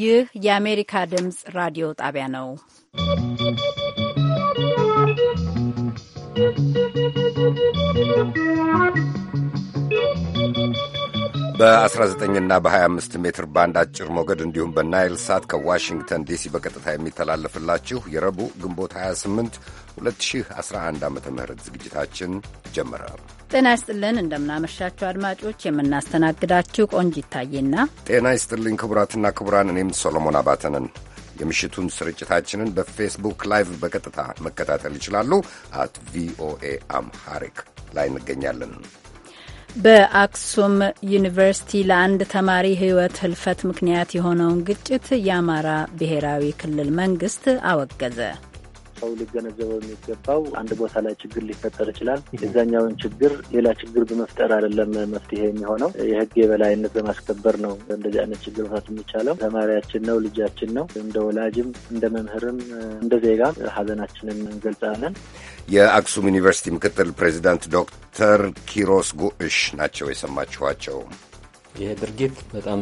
ይህ የአሜሪካ ድምፅ ራዲዮ ጣቢያ ነው። በ19ና በ25 ሜትር ባንድ አጭር ሞገድ እንዲሁም በናይል ሳት ከዋሽንግተን ዲሲ በቀጥታ የሚተላለፍላችሁ የረቡዕ ግንቦት 28 2011 ዓ ም ዝግጅታችን ጀመረ። ጤና ይስጥልን እንደምናመሻችሁ አድማጮች የምናስተናግዳችሁ ቆንጅ ይታየና ጤና ይስጥልኝ ክቡራትና ክቡራን እኔም ሶሎሞን አባተንን የምሽቱን ስርጭታችንን በፌስቡክ ላይቭ በቀጥታ መከታተል ይችላሉ አት ቪኦኤ አምሃሪክ ላይ እንገኛለን በአክሱም ዩኒቨርሲቲ ለአንድ ተማሪ ህይወት ህልፈት ምክንያት የሆነውን ግጭት የአማራ ብሔራዊ ክልል መንግስት አወገዘ ሰው ሊገነዘበው የሚገባው አንድ ቦታ ላይ ችግር ሊፈጠር ይችላል። የዛኛውን ችግር ሌላ ችግር በመፍጠር አይደለም መፍትሄ የሚሆነው የህግ የበላይነት በማስከበር ነው። እንደዚህ አይነት ችግር መፍታት የሚቻለው ተማሪያችን ነው፣ ልጃችን ነው። እንደ ወላጅም እንደ መምህርም እንደ ዜጋ ሀዘናችንን እንገልጻለን። የአክሱም ዩኒቨርሲቲ ምክትል ፕሬዚዳንት ዶክተር ኪሮስ ጉዕሽ ናቸው የሰማችኋቸው። ይሄ ድርጊት በጣም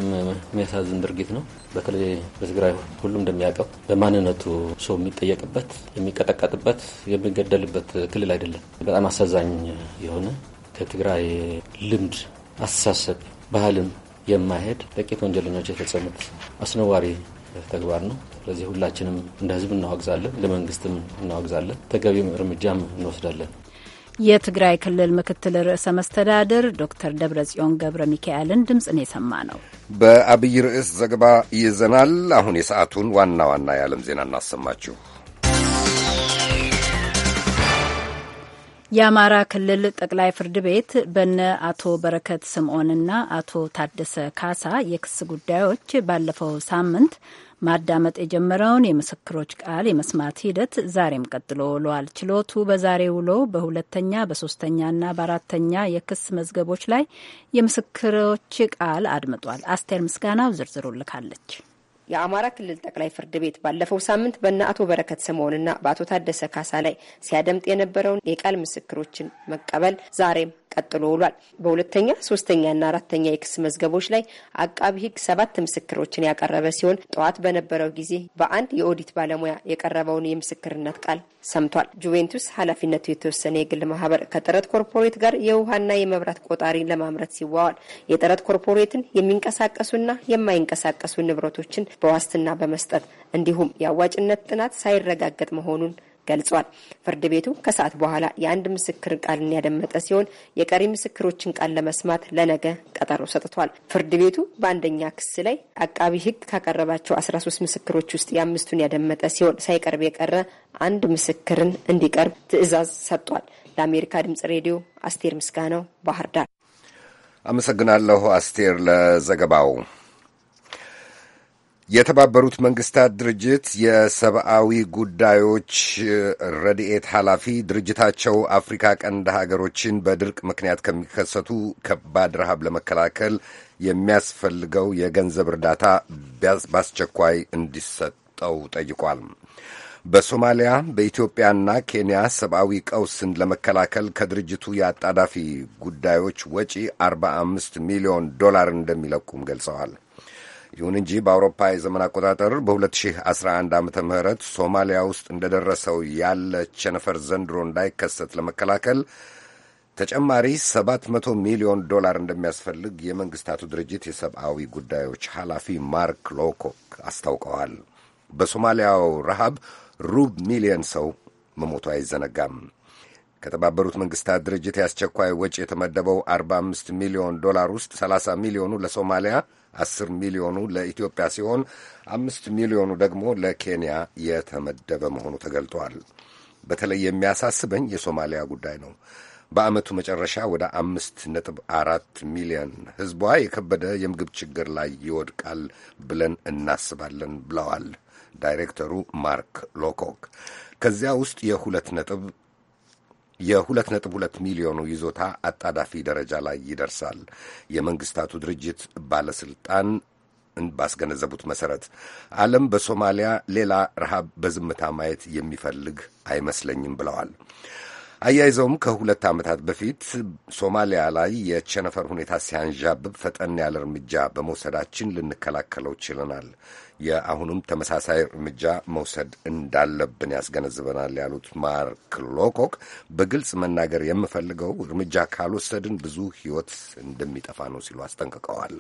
የሚያሳዝን ድርጊት ነው። በተለይ በትግራይ ሁሉም እንደሚያውቀው በማንነቱ ሰው የሚጠየቅበት፣ የሚቀጠቀጥበት፣ የሚገደልበት ክልል አይደለም። በጣም አሳዛኝ የሆነ ከትግራይ ልምድ፣ አስተሳሰብ፣ ባህልም የማይሄድ ጥቂት ወንጀለኞች የፈጸሙት አስነዋሪ ተግባር ነው። ስለዚህ ሁላችንም እንደ ህዝብ እናወግዛለን፣ እንደ መንግስትም እናወግዛለን፣ ተገቢም እርምጃም እንወስዳለን። የትግራይ ክልል ምክትል ርዕሰ መስተዳድር ዶክተር ደብረጽዮን ገብረ ሚካኤልን ድምፅን የሰማ ነው። በአብይ ርዕስ ዘገባ ይዘናል። አሁን የሰዓቱን ዋና ዋና የዓለም ዜና እናሰማችሁ። የአማራ ክልል ጠቅላይ ፍርድ ቤት በነ አቶ በረከት ስምዖንና አቶ ታደሰ ካሳ የክስ ጉዳዮች ባለፈው ሳምንት ማዳመጥ የጀመረውን የምስክሮች ቃል የመስማት ሂደት ዛሬም ቀጥሎ ውሏል። ችሎቱ በዛሬ ውሎ በሁለተኛ በሶስተኛና በአራተኛ የክስ መዝገቦች ላይ የምስክሮች ቃል አድምጧል። አስቴር ምስጋናው ዝርዝሩ ልካለች። የአማራ ክልል ጠቅላይ ፍርድ ቤት ባለፈው ሳምንት በነ አቶ በረከት ስምኦንና በአቶ ታደሰ ካሳ ላይ ሲያደምጥ የነበረውን የቃል ምስክሮችን መቀበል ዛሬም ቀጥሎ ውሏል። በሁለተኛ ሶስተኛና አራተኛ የክስ መዝገቦች ላይ አቃቢ ህግ ሰባት ምስክሮችን ያቀረበ ሲሆን ጠዋት በነበረው ጊዜ በአንድ የኦዲት ባለሙያ የቀረበውን የምስክርነት ቃል ሰምቷል። ጁቬንቱስ ኃላፊነቱ የተወሰነ የግል ማህበር ከጥረት ኮርፖሬት ጋር የውሃና የመብራት ቆጣሪ ለማምረት ሲዋዋል የጥረት ኮርፖሬትን የሚንቀሳቀሱና የማይንቀሳቀሱ ንብረቶችን በዋስትና በመስጠት እንዲሁም የአዋጭነት ጥናት ሳይረጋገጥ መሆኑን ገልጿል። ፍርድ ቤቱ ከሰዓት በኋላ የአንድ ምስክር ቃልን ያደመጠ ሲሆን የቀሪ ምስክሮችን ቃል ለመስማት ለነገ ቀጠሮ ሰጥቷል። ፍርድ ቤቱ በአንደኛ ክስ ላይ አቃቢ ሕግ ካቀረባቸው 13 ምስክሮች ውስጥ የአምስቱን ያደመጠ ሲሆን ሳይቀርብ የቀረ አንድ ምስክርን እንዲቀርብ ትዕዛዝ ሰጥቷል። ለአሜሪካ ድምጽ ሬዲዮ አስቴር ምስጋናው ባህር ዳር። አመሰግናለሁ አስቴር ለዘገባው። የተባበሩት መንግስታት ድርጅት የሰብአዊ ጉዳዮች ረድኤት ኃላፊ ድርጅታቸው አፍሪካ ቀንድ ሀገሮችን በድርቅ ምክንያት ከሚከሰቱ ከባድ ረሃብ ለመከላከል የሚያስፈልገው የገንዘብ እርዳታ በአስቸኳይ እንዲሰጠው ጠይቋል። በሶማሊያ በኢትዮጵያና ኬንያ ሰብአዊ ቀውስን ለመከላከል ከድርጅቱ የአጣዳፊ ጉዳዮች ወጪ 45 ሚሊዮን ዶላር እንደሚለቁም ገልጸዋል። ይሁን እንጂ በአውሮፓ የዘመን አቆጣጠር በ2011 ዓ ም ሶማሊያ ውስጥ እንደደረሰው ያለ ቸነፈር ዘንድሮ እንዳይከሰት ለመከላከል ተጨማሪ 700 ሚሊዮን ዶላር እንደሚያስፈልግ የመንግስታቱ ድርጅት የሰብአዊ ጉዳዮች ኃላፊ ማርክ ሎኮክ አስታውቀዋል። በሶማሊያው ረሃብ ሩብ ሚሊዮን ሰው መሞቱ አይዘነጋም። ከተባበሩት መንግስታት ድርጅት የአስቸኳይ ወጪ የተመደበው 45 ሚሊዮን ዶላር ውስጥ 30 ሚሊዮኑ ለሶማሊያ አስር ሚሊዮኑ ለኢትዮጵያ ሲሆን አምስት ሚሊዮኑ ደግሞ ለኬንያ የተመደበ መሆኑ ተገልጧል። በተለይ የሚያሳስበኝ የሶማሊያ ጉዳይ ነው። በዓመቱ መጨረሻ ወደ አምስት ነጥብ አራት ሚሊዮን ሕዝቧ የከበደ የምግብ ችግር ላይ ይወድቃል ብለን እናስባለን ብለዋል ዳይሬክተሩ ማርክ ሎኮክ። ከዚያ ውስጥ የሁለት ነጥብ የ2.2 ሚሊዮኑ ይዞታ አጣዳፊ ደረጃ ላይ ይደርሳል። የመንግስታቱ ድርጅት ባለስልጣን ባስገነዘቡት መሰረት ዓለም በሶማሊያ ሌላ ረሃብ በዝምታ ማየት የሚፈልግ አይመስለኝም ብለዋል። አያይዘውም ከሁለት ዓመታት በፊት ሶማሊያ ላይ የቸነፈር ሁኔታ ሲያንዣብብ ፈጠን ያለ እርምጃ በመውሰዳችን ልንከላከለው ችለናል። የአሁኑም ተመሳሳይ እርምጃ መውሰድ እንዳለብን ያስገነዝበናል ያሉት ማርክ ሎኮክ በግልጽ መናገር የምፈልገው እርምጃ ካልወሰድን ብዙ ሕይወት እንደሚጠፋ ነው ሲሉ አስጠንቅቀዋል።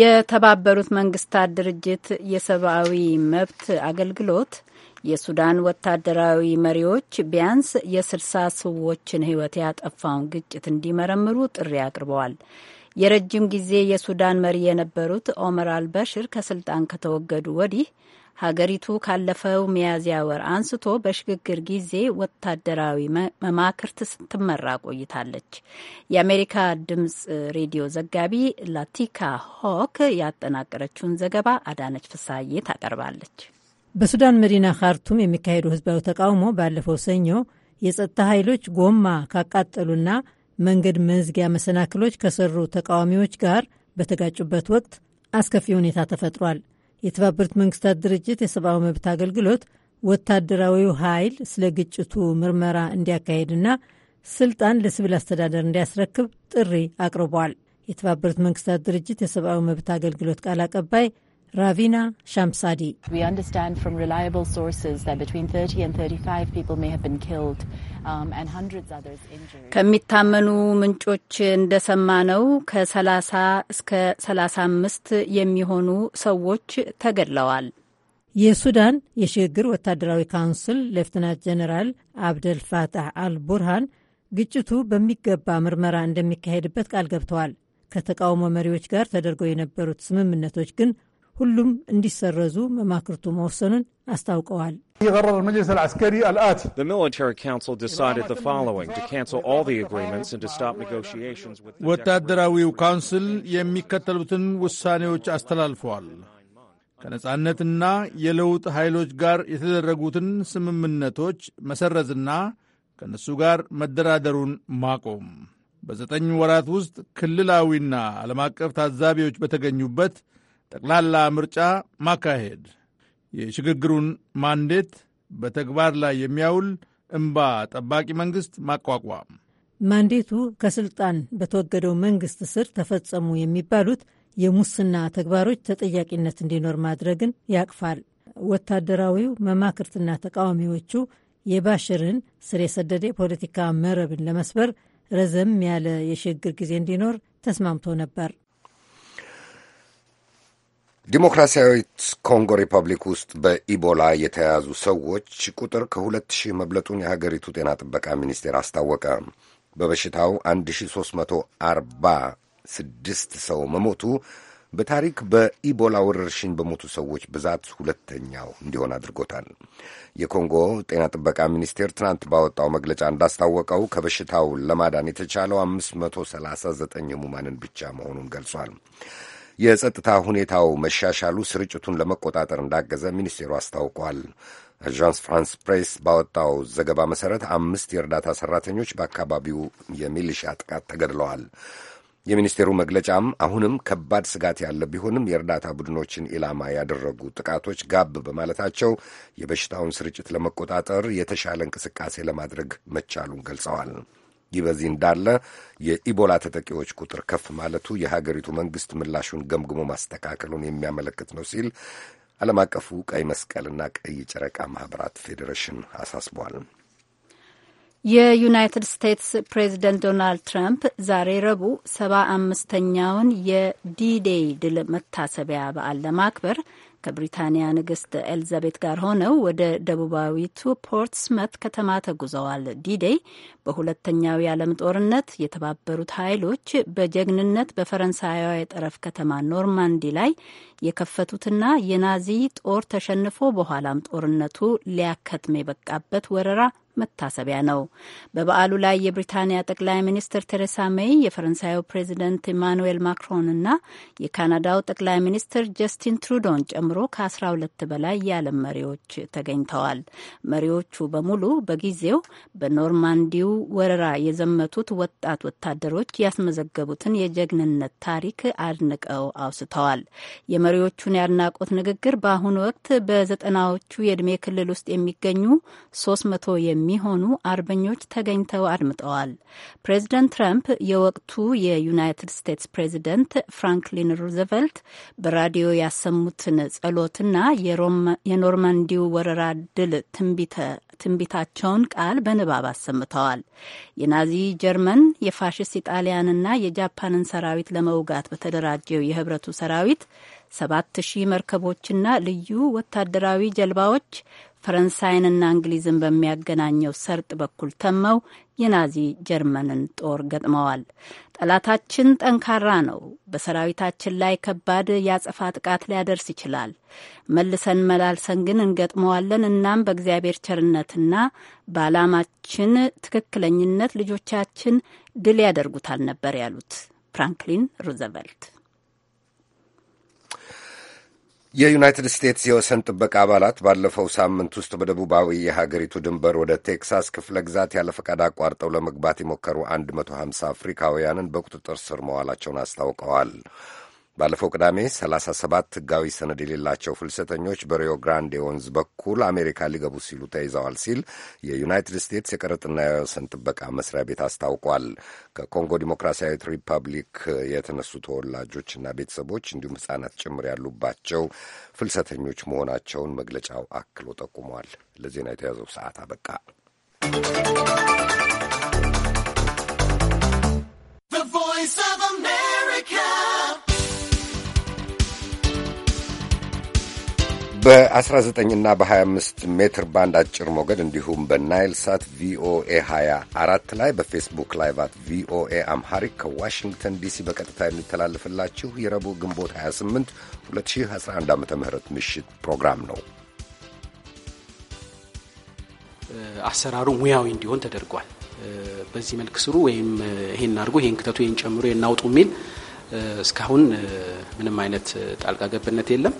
የተባበሩት መንግስታት ድርጅት የሰብአዊ መብት አገልግሎት የሱዳን ወታደራዊ መሪዎች ቢያንስ የስልሳ ሰዎችን ህይወት ያጠፋውን ግጭት እንዲመረምሩ ጥሪ አቅርበዋል። የረጅም ጊዜ የሱዳን መሪ የነበሩት ኦመር አልበሽር ከስልጣን ከተወገዱ ወዲህ ሀገሪቱ ካለፈው ሚያዝያ ወር አንስቶ በሽግግር ጊዜ ወታደራዊ መማክርት ስትመራ ቆይታለች። የአሜሪካ ድምጽ ሬዲዮ ዘጋቢ ላቲካ ሆክ ያጠናቀረችውን ዘገባ አዳነች ፍሳዬ ታቀርባለች። በሱዳን መዲና ካርቱም የሚካሄደው ህዝባዊ ተቃውሞ ባለፈው ሰኞ የጸጥታ ኃይሎች ጎማ ካቃጠሉና መንገድ መዝጊያ መሰናክሎች ከሰሩ ተቃዋሚዎች ጋር በተጋጩበት ወቅት አስከፊ ሁኔታ ተፈጥሯል። የተባበሩት መንግስታት ድርጅት የሰብአዊ መብት አገልግሎት ወታደራዊው ኃይል ስለ ግጭቱ ምርመራ እንዲያካሄድና ስልጣን ለሲቪል አስተዳደር እንዲያስረክብ ጥሪ አቅርቧል። የተባበሩት መንግስታት ድርጅት የሰብአዊ መብት አገልግሎት ቃል አቀባይ ራቪና ሻምሳዲ um, ከሚታመኑ ምንጮች እንደሰማነው ከ30 እስከ 35 የሚሆኑ ሰዎች ተገድለዋል። የሱዳን የሽግግር ወታደራዊ ካውንስል ሌፍትናንት ጀነራል አብደል አልቡርሃን ግጭቱ በሚገባ ምርመራ እንደሚካሄድበት ቃል ገብተዋል። ከተቃውሞ መሪዎች ጋር ተደርገው የነበሩት ስምምነቶች ግን ሁሉም እንዲሰረዙ መማክርቱ መወሰኑን አስታውቀዋል። ወታደራዊው ካውንስል የሚከተሉትን ውሳኔዎች አስተላልፈዋል። ከነጻነትና የለውጥ ኃይሎች ጋር የተደረጉትን ስምምነቶች መሰረዝና ከነሱ ጋር መደራደሩን ማቆም፣ በዘጠኝ ወራት ውስጥ ክልላዊና ዓለም አቀፍ ታዛቢዎች በተገኙበት ጠቅላላ ምርጫ ማካሄድ የሽግግሩን ማንዴት በተግባር ላይ የሚያውል እምባ ጠባቂ መንግስት ማቋቋም። ማንዴቱ ከስልጣን በተወገደው መንግስት ስር ተፈጸሙ የሚባሉት የሙስና ተግባሮች ተጠያቂነት እንዲኖር ማድረግን ያቅፋል። ወታደራዊው መማክርትና ተቃዋሚዎቹ የባሽርን ስር የሰደደ የፖለቲካ መረብን ለመስበር ረዘም ያለ የሽግግር ጊዜ እንዲኖር ተስማምቶ ነበር። ዲሞክራሲያዊት ኮንጎ ሪፐብሊክ ውስጥ በኢቦላ የተያዙ ሰዎች ቁጥር ከሁለት ሺህ መብለጡን የሀገሪቱ ጤና ጥበቃ ሚኒስቴር አስታወቀ። በበሽታው 1346 ሰው መሞቱ በታሪክ በኢቦላ ወረርሽኝ በሞቱ ሰዎች ብዛት ሁለተኛው እንዲሆን አድርጎታል። የኮንጎ ጤና ጥበቃ ሚኒስቴር ትናንት ባወጣው መግለጫ እንዳስታወቀው ከበሽታው ለማዳን የተቻለው 539 ህሙማንን ብቻ መሆኑን ገልጿል። የጸጥታ ሁኔታው መሻሻሉ ስርጭቱን ለመቆጣጠር እንዳገዘ ሚኒስቴሩ አስታውቋል። አዣንስ ፍራንስ ፕሬስ ባወጣው ዘገባ መሠረት አምስት የእርዳታ ሠራተኞች በአካባቢው የሚሊሻ ጥቃት ተገድለዋል። የሚኒስቴሩ መግለጫም አሁንም ከባድ ስጋት ያለ ቢሆንም የእርዳታ ቡድኖችን ኢላማ ያደረጉ ጥቃቶች ጋብ በማለታቸው የበሽታውን ስርጭት ለመቆጣጠር የተሻለ እንቅስቃሴ ለማድረግ መቻሉን ገልጸዋል። ይህ በዚህ እንዳለ የኢቦላ ተጠቂዎች ቁጥር ከፍ ማለቱ የሀገሪቱ መንግስት ምላሹን ገምግሞ ማስተካከሉን የሚያመለክት ነው ሲል ዓለም አቀፉ ቀይ መስቀልና ቀይ ጨረቃ ማህበራት ፌዴሬሽን አሳስቧል። የዩናይትድ ስቴትስ ፕሬዚደንት ዶናልድ ትራምፕ ዛሬ ረቡዕ ሰባ አምስተኛውን የዲዴይ ድል መታሰቢያ በዓል ለማክበር ከብሪታንያ ንግስት ኤልዛቤት ጋር ሆነው ወደ ደቡባዊቱ ፖርትስመት ከተማ ተጉዘዋል። ዲዴይ በሁለተኛው የዓለም ጦርነት የተባበሩት ኃይሎች በጀግንነት በፈረንሳያዊ የጠረፍ ከተማ ኖርማንዲ ላይ የከፈቱትና የናዚ ጦር ተሸንፎ በኋላም ጦርነቱ ሊያከትም የበቃበት ወረራ መታሰቢያ ነው። በበዓሉ ላይ የብሪታንያ ጠቅላይ ሚኒስትር ቴሬሳ ሜይ፣ የፈረንሳዩ ፕሬዚደንት ኢማኑዌል እና የካናዳው ጠቅላይ ሚኒስትር ጀስቲን ትሩዶን ጨምሮ ከ12 በላይ የዓለም መሪዎች ተገኝተዋል። መሪዎቹ በሙሉ በጊዜው በኖርማንዲው ወረራ የዘመቱት ወጣት ወታደሮች ያስመዘገቡትን የጀግንነት ታሪክ አድንቀው አውስተዋል። የመሪዎቹን የአድናቆት ንግግር በአሁኑ ወቅት በዘጠናዎቹ የዕድሜ ክልል ውስጥ የሚገኙ ሶስት መቶ የሚሆኑ አርበኞች ተገኝተው አድምጠዋል። ፕሬዚደንት ትራምፕ የወቅቱ የዩናይትድ ስቴትስ ፕሬዚደንት ፍራንክሊን ሩዘቨልት በራዲዮ ያሰሙትን ጸሎትና የኖርማንዲው ወረራ ድል ትንቢተ ትንቢታቸውን ቃል በንባብ አሰምተዋል። የናዚ ጀርመን የፋሽስት ኢጣሊያንና የጃፓንን ሰራዊት ለመውጋት በተደራጀው የህብረቱ ሰራዊት ሰባት ሺህ መርከቦችና ልዩ ወታደራዊ ጀልባዎች ፈረንሳይንና እንግሊዝን በሚያገናኘው ሰርጥ በኩል ተመው የናዚ ጀርመንን ጦር ገጥመዋል። ጠላታችን ጠንካራ ነው። በሰራዊታችን ላይ ከባድ የአጸፋ ጥቃት ሊያደርስ ይችላል። መልሰን መላልሰን ግን እንገጥመዋለን። እናም በእግዚአብሔር ቸርነትና በዓላማችን ትክክለኝነት ልጆቻችን ድል ያደርጉታል ነበር ያሉት ፍራንክሊን ሩዘቨልት። የዩናይትድ ስቴትስ የወሰን ጥበቃ አባላት ባለፈው ሳምንት ውስጥ በደቡባዊ የሀገሪቱ ድንበር ወደ ቴክሳስ ክፍለ ግዛት ያለ ፈቃድ አቋርጠው ለመግባት የሞከሩ 150 አፍሪካውያንን በቁጥጥር ስር መዋላቸውን አስታውቀዋል። ባለፈው ቅዳሜ 37 ሕጋዊ ሰነድ የሌላቸው ፍልሰተኞች በሪዮ ግራንዴ ወንዝ በኩል አሜሪካ ሊገቡ ሲሉ ተይዘዋል ሲል የዩናይትድ ስቴትስ የቀረጥና የወሰን ጥበቃ መስሪያ ቤት አስታውቋል። ከኮንጎ ዲሞክራሲያዊት ሪፐብሊክ የተነሱ ተወላጆችና ቤተሰቦች እንዲሁም ሕጻናት ጭምር ያሉባቸው ፍልሰተኞች መሆናቸውን መግለጫው አክሎ ጠቁሟል። ለዜና የተያዘው ሰዓት አበቃ። በ19 እና በ25 ሜትር ባንድ አጭር ሞገድ እንዲሁም በናይል ሳት ቪኦኤ 24 ላይ በፌስቡክ ላይ ቪኦኤ አምሃሪክ ከዋሽንግተን ዲሲ በቀጥታ የሚተላለፍላችሁ የረቡዕ ግንቦት 28 2011 ዓ ም ምሽት ፕሮግራም ነው። አሰራሩ ሙያዊ እንዲሆን ተደርጓል። በዚህ መልክ ስሩ ወይም ይሄን አድርጎ ይሄን ክተቱ፣ ይሄን ጨምሮ፣ ይሄን አውጡ የሚል እስካሁን ምንም አይነት ጣልቃ ገብነት የለም።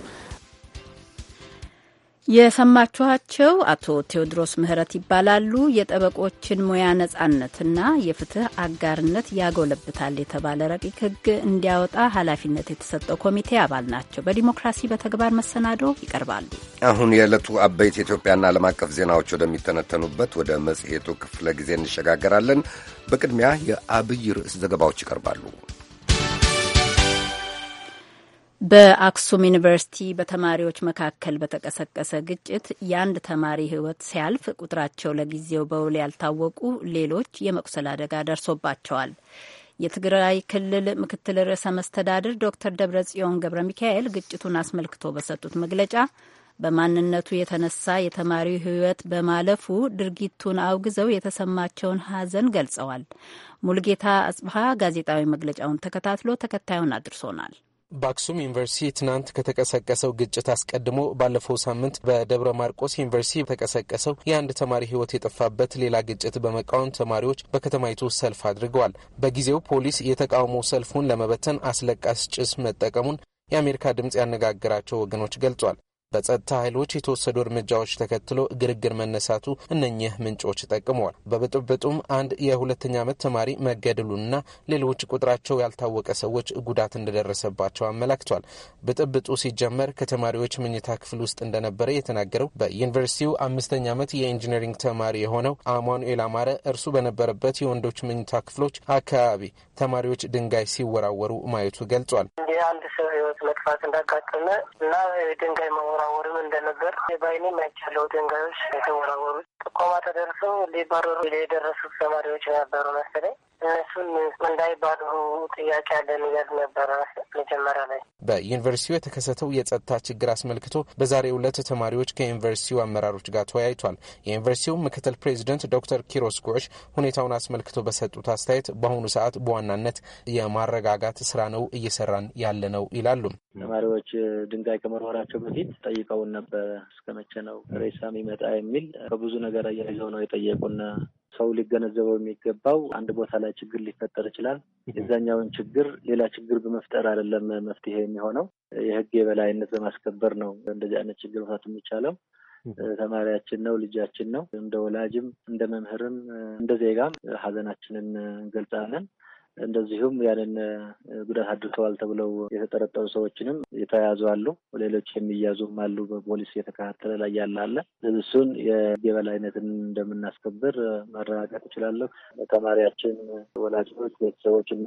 የሰማችኋቸው አቶ ቴዎድሮስ ምህረት ይባላሉ። የጠበቆችን ሙያ ነጻነትና የፍትህ አጋርነት ያጎለብታል የተባለ ረቂቅ ሕግ እንዲያወጣ ኃላፊነት የተሰጠው ኮሚቴ አባል ናቸው። በዲሞክራሲ በተግባር መሰናዶ ይቀርባሉ። አሁን የዕለቱ አበይት የኢትዮጵያና ዓለም አቀፍ ዜናዎች ወደሚተነተኑበት ወደ መጽሔቱ ክፍለ ጊዜ እንሸጋገራለን። በቅድሚያ የአብይ ርዕስ ዘገባዎች ይቀርባሉ። በአክሱም ዩኒቨርሲቲ በተማሪዎች መካከል በተቀሰቀሰ ግጭት የአንድ ተማሪ ሕይወት ሲያልፍ ቁጥራቸው ለጊዜው በውል ያልታወቁ ሌሎች የመቁሰል አደጋ ደርሶባቸዋል። የትግራይ ክልል ምክትል ርዕሰ መስተዳድር ዶክተር ደብረጽዮን ገብረ ሚካኤል ግጭቱን አስመልክቶ በሰጡት መግለጫ በማንነቱ የተነሳ የተማሪው ሕይወት በማለፉ ድርጊቱን አውግዘው የተሰማቸውን ሐዘን ገልጸዋል። ሙልጌታ አጽብሃ ጋዜጣዊ መግለጫውን ተከታትሎ ተከታዩን አድርሶናል። በአክሱም ዩኒቨርሲቲ ትናንት ከተቀሰቀሰው ግጭት አስቀድሞ ባለፈው ሳምንት በደብረ ማርቆስ ዩኒቨርሲቲ የተቀሰቀሰው የአንድ ተማሪ ሕይወት የጠፋበት ሌላ ግጭት በመቃወም ተማሪዎች በከተማይቱ ሰልፍ አድርገዋል። በጊዜው ፖሊስ የተቃውሞ ሰልፉን ለመበተን አስለቃስ ጭስ መጠቀሙን የአሜሪካ ድምፅ ያነጋገራቸው ወገኖች ገልጿል። በጸጥታ ኃይሎች የተወሰዱ እርምጃዎች ተከትሎ ግርግር መነሳቱ እነኚህ ምንጮች ጠቅመዋል። በብጥብጡም አንድ የሁለተኛ ዓመት ተማሪ መገደሉና ሌሎች ቁጥራቸው ያልታወቀ ሰዎች ጉዳት እንደደረሰባቸው አመላክቷል። ብጥብጡ ሲጀመር ከተማሪዎች መኝታ ክፍል ውስጥ እንደነበረ የተናገረው በዩኒቨርሲቲው አምስተኛ ዓመት የኢንጂነሪንግ ተማሪ የሆነው አማኑኤል አማረ እርሱ በነበረበት የወንዶች መኝታ ክፍሎች አካባቢ ተማሪዎች ድንጋይ ሲወራወሩ ማየቱ ገልጿል። እንዲህ አንድ ሰው ህይወት መጥፋት እንዳጋጠመ እና ድንጋይ ሲወራወርም እንደነበር በአይኔም አይቻለሁ። ድንጋዮች የተወራወሩት ጥቆማ ተደርሰው ሊባረሩ የደረሱት ተማሪዎች ነበሩ መሰለኝ። እሱን እንዳይባሉ ጥያቄ አለን እያሉ ነበረ መጀመሪያ ላይ። በዩኒቨርሲቲው የተከሰተው የጸጥታ ችግር አስመልክቶ በዛሬው ዕለት ተማሪዎች ከዩኒቨርሲቲው አመራሮች ጋር ተወያይቷል። የዩኒቨርሲቲው ምክትል ፕሬዚደንት ዶክተር ኪሮስ ጉዕሽ ሁኔታውን አስመልክቶ በሰጡት አስተያየት በአሁኑ ሰዓት በዋናነት የማረጋጋት ስራ ነው እየሰራን ያለ ነው ይላሉ። ተማሪዎች ድንጋይ ከመወርወራቸው በፊት ጠይቀውን ነበረ። እስከመቼ ነው ሬሳ የሚመጣ የሚል ከብዙ ነገር እያይዘው ነው የጠየቁን ሰው ሊገነዘበው የሚገባው አንድ ቦታ ላይ ችግር ሊፈጠር ይችላል። የዛኛውን ችግር ሌላ ችግር በመፍጠር አይደለም መፍትሄ የሚሆነው። የህግ የበላይነት በማስከበር ነው እንደዚህ አይነት ችግር መፍታት የሚቻለው። ተማሪያችን ነው፣ ልጃችን ነው። እንደ ወላጅም እንደ መምህርም እንደ ዜጋም ሀዘናችንን እንገልጻለን። እንደዚሁም ያንን ጉዳት አድርሰዋል ተብለው የተጠረጠሩ ሰዎችንም የተያዙ አሉ። ሌሎች የሚያዙም አሉ። በፖሊስ የተከታተለ ላይ ያለ አለ። እሱን የበላይነትን እንደምናስከብር መረጋገጥ እችላለሁ። ተማሪያችን፣ ወላጆች፣ ቤተሰቦች እና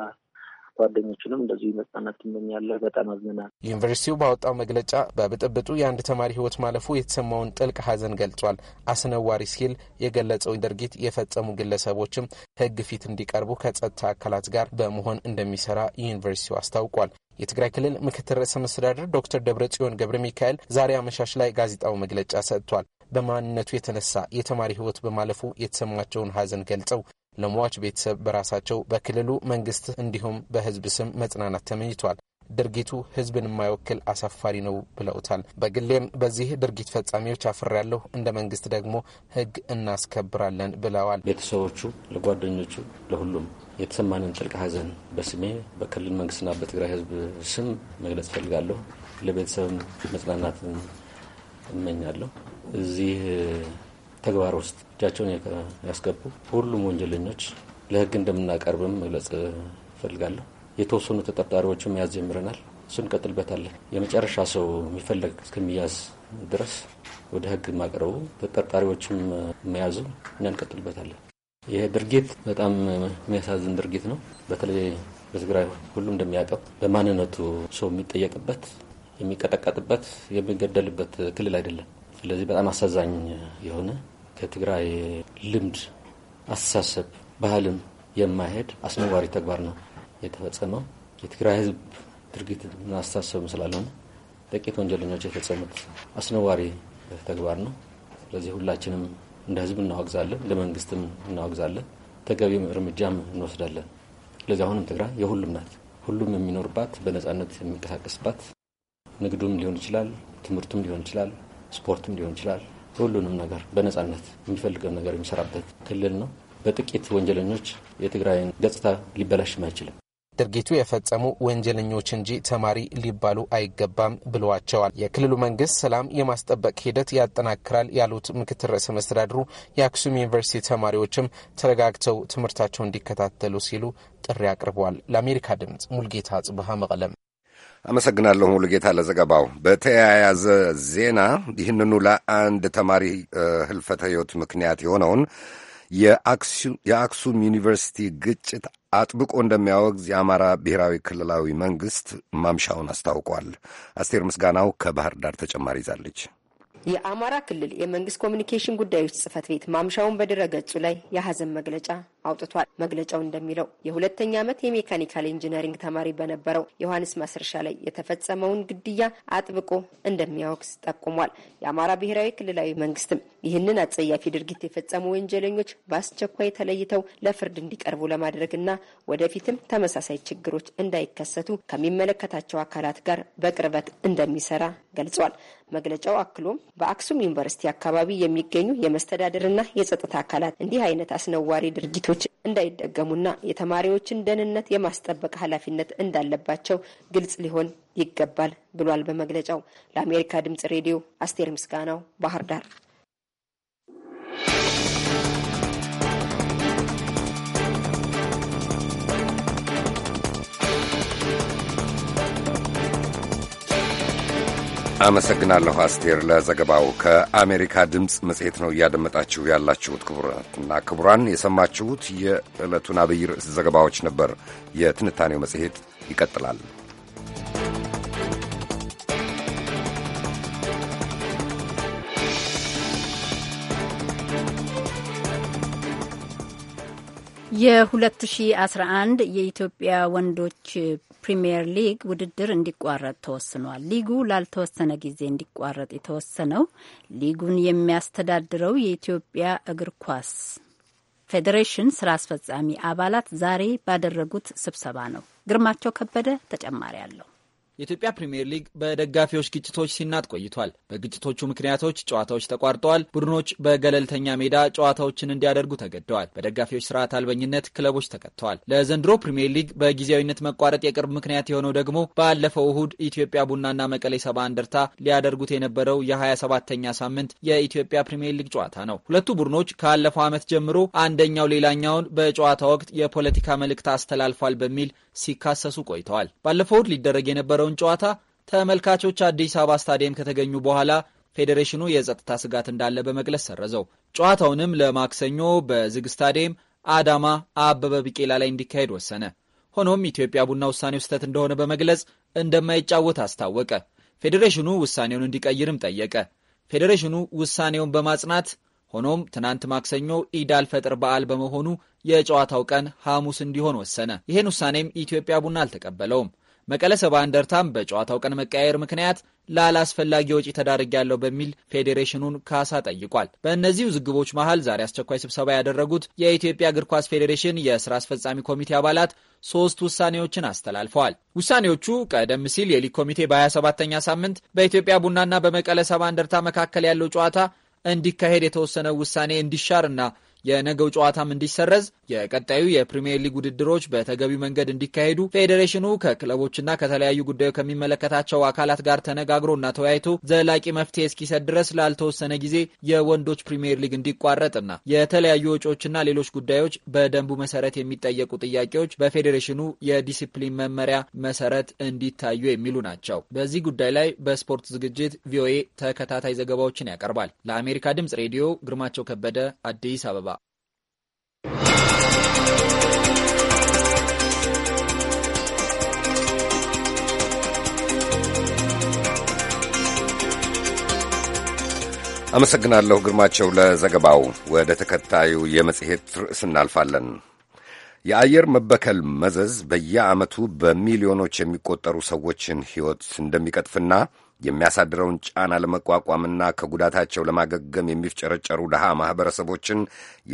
ጓደኞችንም እንደዚሁ የመጽናናት ያለ በጣም አዝነናል። ዩኒቨርሲቲው ባወጣው መግለጫ በብጥብጡ የአንድ ተማሪ ህይወት ማለፉ የተሰማውን ጥልቅ ሀዘን ገልጿል። አስነዋሪ ሲል የገለጸው ድርጊት የፈጸሙ ግለሰቦችም ህግ ፊት እንዲቀርቡ ከጸጥታ አካላት ጋር በመሆን እንደሚሰራ ዩኒቨርሲቲው አስታውቋል። የትግራይ ክልል ምክትል ርዕሰ መስተዳድር ዶክተር ደብረ ጽዮን ገብረ ሚካኤል ዛሬ አመሻሽ ላይ ጋዜጣዊ መግለጫ ሰጥቷል። በማንነቱ የተነሳ የተማሪ ህይወት በማለፉ የተሰማቸውን ሀዘን ገልጸው ለሟች ቤተሰብ በራሳቸው በክልሉ መንግስት እንዲሁም በህዝብ ስም መጽናናት ተመኝቷል። ድርጊቱ ህዝብን የማይወክል አሳፋሪ ነው ብለውታል። በግሌም በዚህ ድርጊት ፈጻሚዎች አፍሬያለሁ፣ እንደ መንግስት ደግሞ ህግ እናስከብራለን ብለዋል። ቤተሰቦቹ፣ ለጓደኞቹ፣ ለሁሉም የተሰማንን ጥልቅ ሀዘን በስሜ በክልል መንግስትና በትግራይ ህዝብ ስም መግለጽ እፈልጋለሁ። ለቤተሰብ መጽናናትን እመኛለሁ። እዚህ ተግባር ውስጥ እጃቸውን ያስገቡ ሁሉም ወንጀለኞች ለህግ እንደምናቀርብም መግለጽ እፈልጋለሁ። የተወሰኑ ተጠርጣሪዎችን መያዝ ጀምረናል። እሱ እንቀጥልበታለን። የመጨረሻ ሰው የሚፈለግ እስከሚያዝ ድረስ ወደ ህግ ማቅረቡ ተጠርጣሪዎችም መያዙ እኛ እንቀጥልበታለን። ይህ ድርጊት በጣም የሚያሳዝን ድርጊት ነው። በተለይ በትግራይ ሁሉም እንደሚያውቀው በማንነቱ ሰው የሚጠየቅበት፣ የሚቀጠቀጥበት፣ የሚገደልበት ክልል አይደለም። ስለዚህ በጣም አሳዛኝ የሆነ ከትግራይ ልምድ፣ አስተሳሰብ፣ ባህልም የማይሄድ አስነዋሪ ተግባር ነው የተፈጸመው። የትግራይ ህዝብ ድርጊት አስተሳሰብም ስላልሆነ ጥቂት ወንጀለኞች የፈጸሙት አስነዋሪ ተግባር ነው። ስለዚህ ሁላችንም እንደ ህዝብ እናወግዛለን፣ እንደ መንግስትም እናወግዛለን፣ ተገቢም እርምጃም እንወስዳለን። ስለዚህ አሁንም ትግራይ የሁሉም ናት። ሁሉም የሚኖርባት በነጻነት የሚንቀሳቀስባት፣ ንግዱም ሊሆን ይችላል፣ ትምህርቱም ሊሆን ይችላል ስፖርትም ሊሆን ይችላል። ሁሉንም ነገር በነጻነት የሚፈልገው ነገር የሚሰራበት ክልል ነው። በጥቂት ወንጀለኞች የትግራይን ገጽታ ሊበላሽም አይችልም። ድርጊቱ የፈጸሙ ወንጀለኞች እንጂ ተማሪ ሊባሉ አይገባም ብለዋቸዋል። የክልሉ መንግስት ሰላም የማስጠበቅ ሂደት ያጠናክራል ያሉት ምክትል ርዕሰ መስተዳድሩ የአክሱም ዩኒቨርሲቲ ተማሪዎችም ተረጋግተው ትምህርታቸውን እንዲከታተሉ ሲሉ ጥሪ አቅርበዋል። ለአሜሪካ ድምጽ ሙልጌታ ጽብሃ መቀለም አመሰግናለሁ ሙሉጌታ ለዘገባው። በተያያዘ ዜና ይህንኑ ለአንድ ተማሪ ህልፈተ ምክንያት የሆነውን የአክሱም ዩኒቨርሲቲ ግጭት አጥብቆ እንደሚያወግዝ የአማራ ብሔራዊ ክልላዊ መንግሥት ማምሻውን አስታውቋል። አስቴር ምስጋናው ከባህር ዳር ተጨማሪ ይዛለች። የአማራ ክልል የመንግስት ኮሚኒኬሽን ጉዳዮች ጽህፈት ቤት ማምሻውን በድረገጹ ላይ የሀዘን መግለጫ አውጥቷል። መግለጫው እንደሚለው የሁለተኛ ዓመት የሜካኒካል ኢንጂነሪንግ ተማሪ በነበረው ዮሐንስ ማስረሻ ላይ የተፈጸመውን ግድያ አጥብቆ እንደሚያወግዝ ጠቁሟል። የአማራ ብሔራዊ ክልላዊ መንግስትም ይህንን አጸያፊ ድርጊት የፈጸሙ ወንጀለኞች በአስቸኳይ ተለይተው ለፍርድ እንዲቀርቡ ለማድረግና ወደፊትም ተመሳሳይ ችግሮች እንዳይከሰቱ ከሚመለከታቸው አካላት ጋር በቅርበት እንደሚሰራ ገልጿል። መግለጫው አክሎም በአክሱም ዩኒቨርሲቲ አካባቢ የሚገኙ የመስተዳደርና የጸጥታ አካላት እንዲህ አይነት አስነዋሪ ድርጊቶች እንዳይደገሙና የተማሪዎችን ደህንነት የማስጠበቅ ኃላፊነት እንዳለባቸው ግልጽ ሊሆን ይገባል ብሏል። በመግለጫው ለአሜሪካ ድምጽ ሬዲዮ አስቴር ምስጋናው ባህር ዳር አመሰግናለሁ አስቴር ለዘገባው። ከአሜሪካ ድምፅ መጽሔት ነው እያደመጣችሁ ያላችሁት። ክቡራትና ክቡራን የሰማችሁት የዕለቱን አብይ ርዕስ ዘገባዎች ነበር። የትንታኔው መጽሔት ይቀጥላል። የ2011 የኢትዮጵያ ወንዶች ፕሪምየር ሊግ ውድድር እንዲቋረጥ ተወስኗል። ሊጉ ላልተወሰነ ጊዜ እንዲቋረጥ የተወሰነው ሊጉን የሚያስተዳድረው የኢትዮጵያ እግር ኳስ ፌዴሬሽን ስራ አስፈጻሚ አባላት ዛሬ ባደረጉት ስብሰባ ነው። ግርማቸው ከበደ ተጨማሪ አለው። የኢትዮጵያ ፕሪምየር ሊግ በደጋፊዎች ግጭቶች ሲናጥ ቆይቷል። በግጭቶቹ ምክንያቶች ጨዋታዎች ተቋርጠዋል። ቡድኖች በገለልተኛ ሜዳ ጨዋታዎችን እንዲያደርጉ ተገደዋል። በደጋፊዎች ስርዓት አልበኝነት ክለቦች ተቀጥተዋል። ለዘንድሮ ፕሪምየር ሊግ በጊዜያዊነት መቋረጥ የቅርብ ምክንያት የሆነው ደግሞ ባለፈው እሁድ ኢትዮጵያ ቡናና መቀሌ ሰባ እንደርታ ሊያደርጉት የነበረው የ27ተኛ ሳምንት የኢትዮጵያ ፕሪምየር ሊግ ጨዋታ ነው። ሁለቱ ቡድኖች ካለፈው ዓመት ጀምሮ አንደኛው ሌላኛውን በጨዋታ ወቅት የፖለቲካ መልእክት አስተላልፏል በሚል ሲካሰሱ ቆይተዋል። ባለፈው እሁድ ሊደረግ የነበረውን ጨዋታ ተመልካቾች አዲስ አበባ ስታዲየም ከተገኙ በኋላ ፌዴሬሽኑ የጸጥታ ስጋት እንዳለ በመግለጽ ሰረዘው። ጨዋታውንም ለማክሰኞ በዝግ ስታዲየም አዳማ አበበ ቢቄላ ላይ እንዲካሄድ ወሰነ። ሆኖም ኢትዮጵያ ቡና ውሳኔው ስህተት እንደሆነ በመግለጽ እንደማይጫወት አስታወቀ። ፌዴሬሽኑ ውሳኔውን እንዲቀይርም ጠየቀ። ፌዴሬሽኑ ውሳኔውን በማጽናት ሆኖም ትናንት ማክሰኞ ኢድ አልፈጥር በዓል በመሆኑ የጨዋታው ቀን ሐሙስ እንዲሆን ወሰነ። ይህን ውሳኔም ኢትዮጵያ ቡና አልተቀበለውም። መቀለ ሰባ እንደርታም በጨዋታው ቀን መቀያየር ምክንያት ላላስፈላጊ ወጪ ተዳርጌያለሁ በሚል ፌዴሬሽኑን ካሳ ጠይቋል። በእነዚህ ውዝግቦች መሀል ዛሬ አስቸኳይ ስብሰባ ያደረጉት የኢትዮጵያ እግር ኳስ ፌዴሬሽን የስራ አስፈጻሚ ኮሚቴ አባላት ሶስት ውሳኔዎችን አስተላልፈዋል። ውሳኔዎቹ ቀደም ሲል የሊግ ኮሚቴ በ 27 ተኛ ሳምንት በኢትዮጵያ ቡናና በመቀለ ሰባ እንደርታ መካከል ያለው ጨዋታ እንዲካሄድ የተወሰነ ውሳኔ እንዲሻርና የነገው ጨዋታም እንዲሰረዝ፣ የቀጣዩ የፕሪምየር ሊግ ውድድሮች በተገቢ መንገድ እንዲካሄዱ ፌዴሬሽኑ ከክለቦችና ከተለያዩ ጉዳዩ ከሚመለከታቸው አካላት ጋር ተነጋግሮና ተወያይቶ ዘላቂ መፍትሄ እስኪሰጥ ድረስ ላልተወሰነ ጊዜ የወንዶች ፕሪምየር ሊግ እንዲቋረጥና የተለያዩ ወጪዎችና ሌሎች ጉዳዮች በደንቡ መሰረት የሚጠየቁ ጥያቄዎች በፌዴሬሽኑ የዲሲፕሊን መመሪያ መሰረት እንዲታዩ የሚሉ ናቸው። በዚህ ጉዳይ ላይ በስፖርት ዝግጅት ቪኦኤ ተከታታይ ዘገባዎችን ያቀርባል። ለአሜሪካ ድምጽ ሬዲዮ ግርማቸው ከበደ አዲስ አበባ። አመሰግናለሁ ግርማቸው ለዘገባው። ወደ ተከታዩ የመጽሔት ርዕስ እናልፋለን። የአየር መበከል መዘዝ በየዓመቱ በሚሊዮኖች የሚቆጠሩ ሰዎችን ሕይወት እንደሚቀጥፍና የሚያሳድረውን ጫና ለመቋቋምና ከጉዳታቸው ለማገገም የሚፍጨረጨሩ ድሃ ማኅበረሰቦችን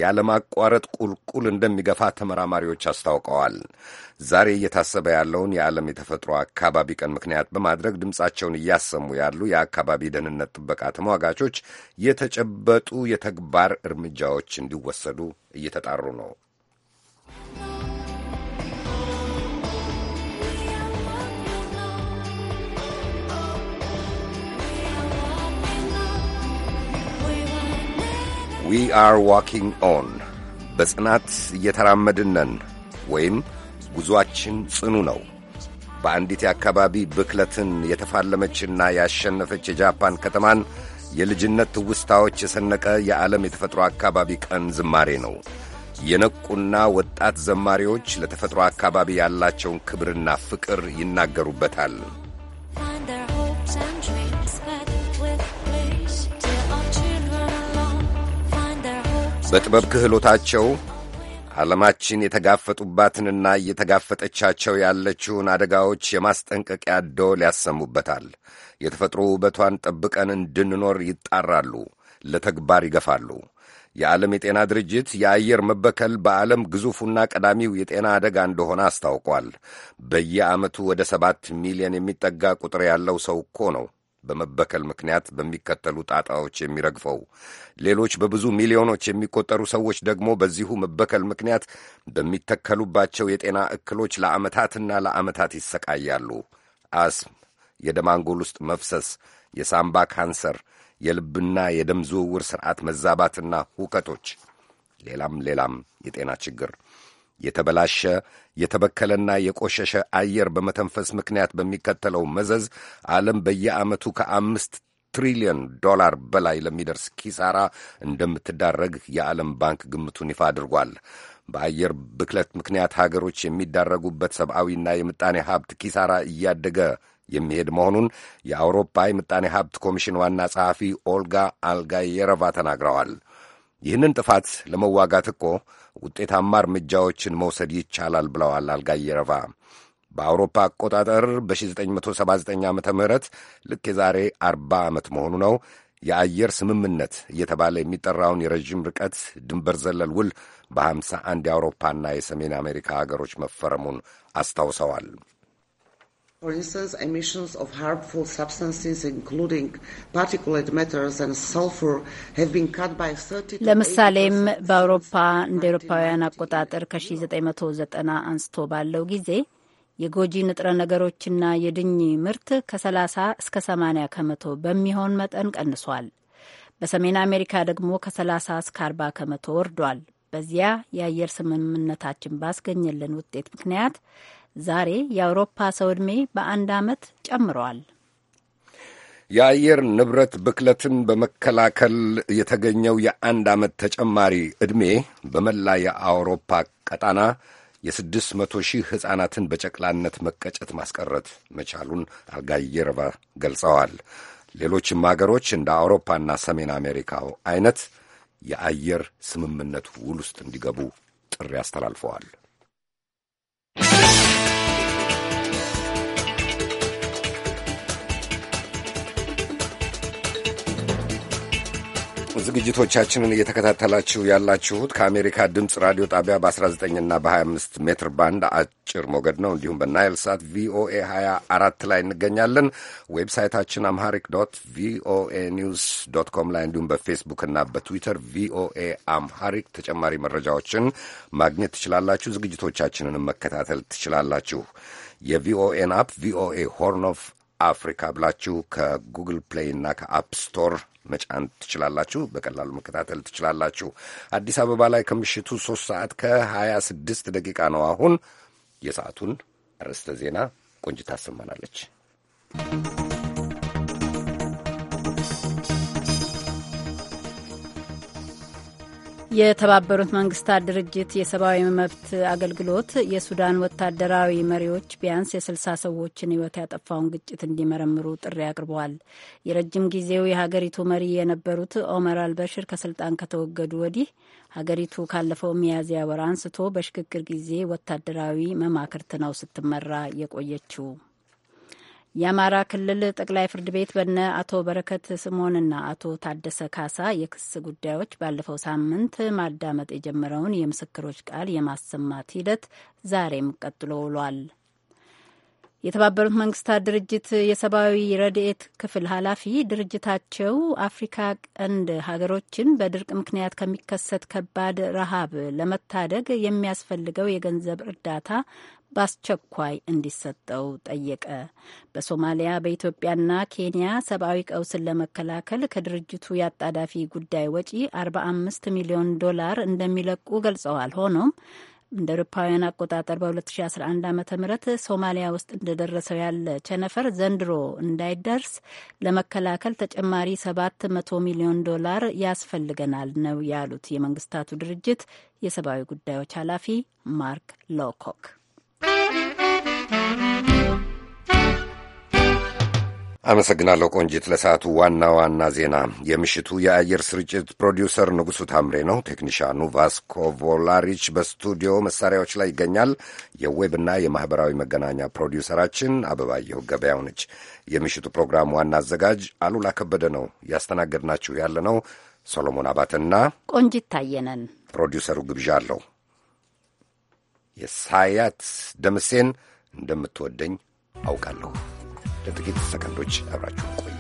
ያለማቋረጥ ቁልቁል እንደሚገፋ ተመራማሪዎች አስታውቀዋል። ዛሬ እየታሰበ ያለውን የዓለም የተፈጥሮ አካባቢ ቀን ምክንያት በማድረግ ድምፃቸውን እያሰሙ ያሉ የአካባቢ ደህንነት ጥበቃ ተሟጋቾች የተጨበጡ የተግባር እርምጃዎች እንዲወሰዱ እየተጣሩ ነው። ዊ አር ዋኪንግ ኦን በጽናት እየተራመድነን ወይም ጉዞአችን ጽኑ ነው። በአንዲት የአካባቢ ብክለትን የተፋለመችና ያሸነፈች የጃፓን ከተማን የልጅነት ትውስታዎች የሰነቀ የዓለም የተፈጥሮ አካባቢ ቀን ዝማሬ ነው። የነቁና ወጣት ዘማሪዎች ለተፈጥሮ አካባቢ ያላቸውን ክብርና ፍቅር ይናገሩበታል። በጥበብ ክህሎታቸው ዓለማችን የተጋፈጡባትንና እየተጋፈጠቻቸው ያለችውን አደጋዎች የማስጠንቀቂያ ደወል ያሰሙበታል። የተፈጥሮ ውበቷን ጠብቀን እንድንኖር ይጣራሉ፣ ለተግባር ይገፋሉ። የዓለም የጤና ድርጅት የአየር መበከል በዓለም ግዙፉና ቀዳሚው የጤና አደጋ እንደሆነ አስታውቋል። በየዓመቱ ወደ ሰባት ሚሊዮን የሚጠጋ ቁጥር ያለው ሰው እኮ ነው በመበከል ምክንያት በሚከተሉ ጣጣዎች የሚረግፈው። ሌሎች በብዙ ሚሊዮኖች የሚቆጠሩ ሰዎች ደግሞ በዚሁ መበከል ምክንያት በሚተከሉባቸው የጤና እክሎች ለዓመታትና ለዓመታት ይሰቃያሉ። አስም፣ የደም አንጎል ውስጥ መፍሰስ፣ የሳምባ ካንሰር፣ የልብና የደም ዝውውር ስርዓት መዛባትና ሁከቶች፣ ሌላም ሌላም የጤና ችግር የተበላሸ የተበከለና የቆሸሸ አየር በመተንፈስ ምክንያት በሚከተለው መዘዝ ዓለም በየዓመቱ ከአምስት ትሪሊዮን ዶላር በላይ ለሚደርስ ኪሳራ እንደምትዳረግ የዓለም ባንክ ግምቱን ይፋ አድርጓል። በአየር ብክለት ምክንያት ሀገሮች የሚዳረጉበት ሰብአዊና የምጣኔ ሀብት ኪሳራ እያደገ የሚሄድ መሆኑን የአውሮፓ የምጣኔ ሀብት ኮሚሽን ዋና ጸሐፊ ኦልጋ አልጋየረቫ ተናግረዋል። ይህንን ጥፋት ለመዋጋት እኮ ውጤታማ እርምጃዎችን መውሰድ ይቻላል ብለዋል አልጋየረቫ። በአውሮፓ አቆጣጠር በ1979 ዓ ም ልክ የዛሬ 40 ዓመት መሆኑ ነው የአየር ስምምነት እየተባለ የሚጠራውን የረዥም ርቀት ድንበር ዘለል ውል በ51 የአውሮፓና የሰሜን አሜሪካ አገሮች መፈረሙን አስታውሰዋል። For instance, emissions of harmful substances including particulate matters and sulfur have been cut by 30 ለምሳሌም በአውሮፓ እንደ አውሮፓውያን አቆጣጠር ከ1990 አንስቶ ባለው ጊዜ የጎጂ ንጥረ ነገሮችና የድኝ ምርት ከ30 እስከ 80 ከመቶ በሚሆን መጠን ቀንሷል። በሰሜን አሜሪካ ደግሞ ከ30 እስከ 40 ከመቶ ወርዷል። በዚያ የአየር ስምምነታችን ባስገኘልን ውጤት ምክንያት ዛሬ የአውሮፓ ሰው ዕድሜ በአንድ ዓመት ጨምረዋል። የአየር ንብረት ብክለትን በመከላከል የተገኘው የአንድ ዓመት ተጨማሪ ዕድሜ በመላ የአውሮፓ ቀጣና የስድስት መቶ ሺህ ሕፃናትን በጨቅላነት መቀጨት ማስቀረት መቻሉን አልጋየረባ ገልጸዋል። ሌሎችም አገሮች እንደ አውሮፓና ሰሜን አሜሪካው አይነት የአየር ስምምነት ውል ውስጥ እንዲገቡ ጥሪ አስተላልፈዋል። ዝግጅቶቻችንን እየተከታተላችሁ ያላችሁት ከአሜሪካ ድምፅ ራዲዮ ጣቢያ በ19ና በ25 ሜትር ባንድ አጭር ሞገድ ነው። እንዲሁም በናይል ሳት ቪኦኤ 24 ላይ እንገኛለን። ዌብሳይታችን አምሃሪክ ዶት ቪኦኤ ኒውስ ዶት ኮም ላይ እንዲሁም በፌስቡክና በትዊተር ቪኦኤ አምሃሪክ ተጨማሪ መረጃዎችን ማግኘት ትችላላችሁ። ዝግጅቶቻችንን መከታተል ትችላላችሁ። የቪኦኤን አፕ ቪኦኤ ሆርን ኦፍ አፍሪካ ብላችሁ ከጉግል ፕሌይ እና ከአፕ ስቶር መጫን ትችላላችሁ። በቀላሉ መከታተል ትችላላችሁ። አዲስ አበባ ላይ ከምሽቱ ሶስት ሰዓት ከሀያ ስድስት ደቂቃ ነው። አሁን የሰዓቱን አርዕስተ ዜና ቆንጅት ታሰማናለች። የተባበሩት መንግስታት ድርጅት የሰብአዊ መብት አገልግሎት የሱዳን ወታደራዊ መሪዎች ቢያንስ የስልሳ ሰዎችን ህይወት ያጠፋውን ግጭት እንዲመረምሩ ጥሪ አቅርበዋል። የረጅም ጊዜው የሀገሪቱ መሪ የነበሩት ኦመር አልበሽር ከስልጣን ከተወገዱ ወዲህ ሀገሪቱ ካለፈው ሚያዝያ ወር አንስቶ በሽግግር ጊዜ ወታደራዊ መማክርት ነው ስትመራ የቆየችው። የአማራ ክልል ጠቅላይ ፍርድ ቤት በነ አቶ በረከት ስምኦንና አቶ ታደሰ ካሳ የክስ ጉዳዮች ባለፈው ሳምንት ማዳመጥ የጀመረውን የምስክሮች ቃል የማሰማት ሂደት ዛሬም ቀጥሎ ውሏል። የተባበሩት መንግስታት ድርጅት የሰብአዊ ረድኤት ክፍል ኃላፊ ድርጅታቸው አፍሪካ ቀንድ ሀገሮችን በድርቅ ምክንያት ከሚከሰት ከባድ ረሃብ ለመታደግ የሚያስፈልገው የገንዘብ እርዳታ በአስቸኳይ እንዲሰጠው ጠየቀ። በሶማሊያ በኢትዮጵያና ኬንያ ሰብአዊ ቀውስን ለመከላከል ከድርጅቱ የአጣዳፊ ጉዳይ ወጪ 45 ሚሊዮን ዶላር እንደሚለቁ ገልጸዋል። ሆኖም እንደ አውሮፓውያን አቆጣጠር በ2011 ዓ ም ሶማሊያ ውስጥ እንደደረሰው ያለ ቸነፈር ዘንድሮ እንዳይደርስ ለመከላከል ተጨማሪ 700 ሚሊዮን ዶላር ያስፈልገናል ነው ያሉት የመንግስታቱ ድርጅት የሰብአዊ ጉዳዮች ኃላፊ ማርክ ሎኮክ። አመሰግናለሁ ቆንጂት። ለሰዓቱ ዋና ዋና ዜና። የምሽቱ የአየር ስርጭት ፕሮዲውሰር ንጉሡ ታምሬ ነው። ቴክኒሻኑ ቫስኮ ቮላሪች በስቱዲዮ መሳሪያዎች ላይ ይገኛል። የዌብና የማኅበራዊ መገናኛ ፕሮዲውሰራችን አበባየሁ ገበያው ነች። የምሽቱ ፕሮግራም ዋና አዘጋጅ አሉላ ከበደ ነው። ያስተናገድናችሁ ያለ ነው ሰሎሞን አባተና ቆንጂት ታየነን። ፕሮዲውሰሩ ግብዣ አለው። የሳያት ደምሴን እንደምትወደኝ አውቃለሁ። ለጥቂት ሰከንዶች አብራችሁ ቆዩ።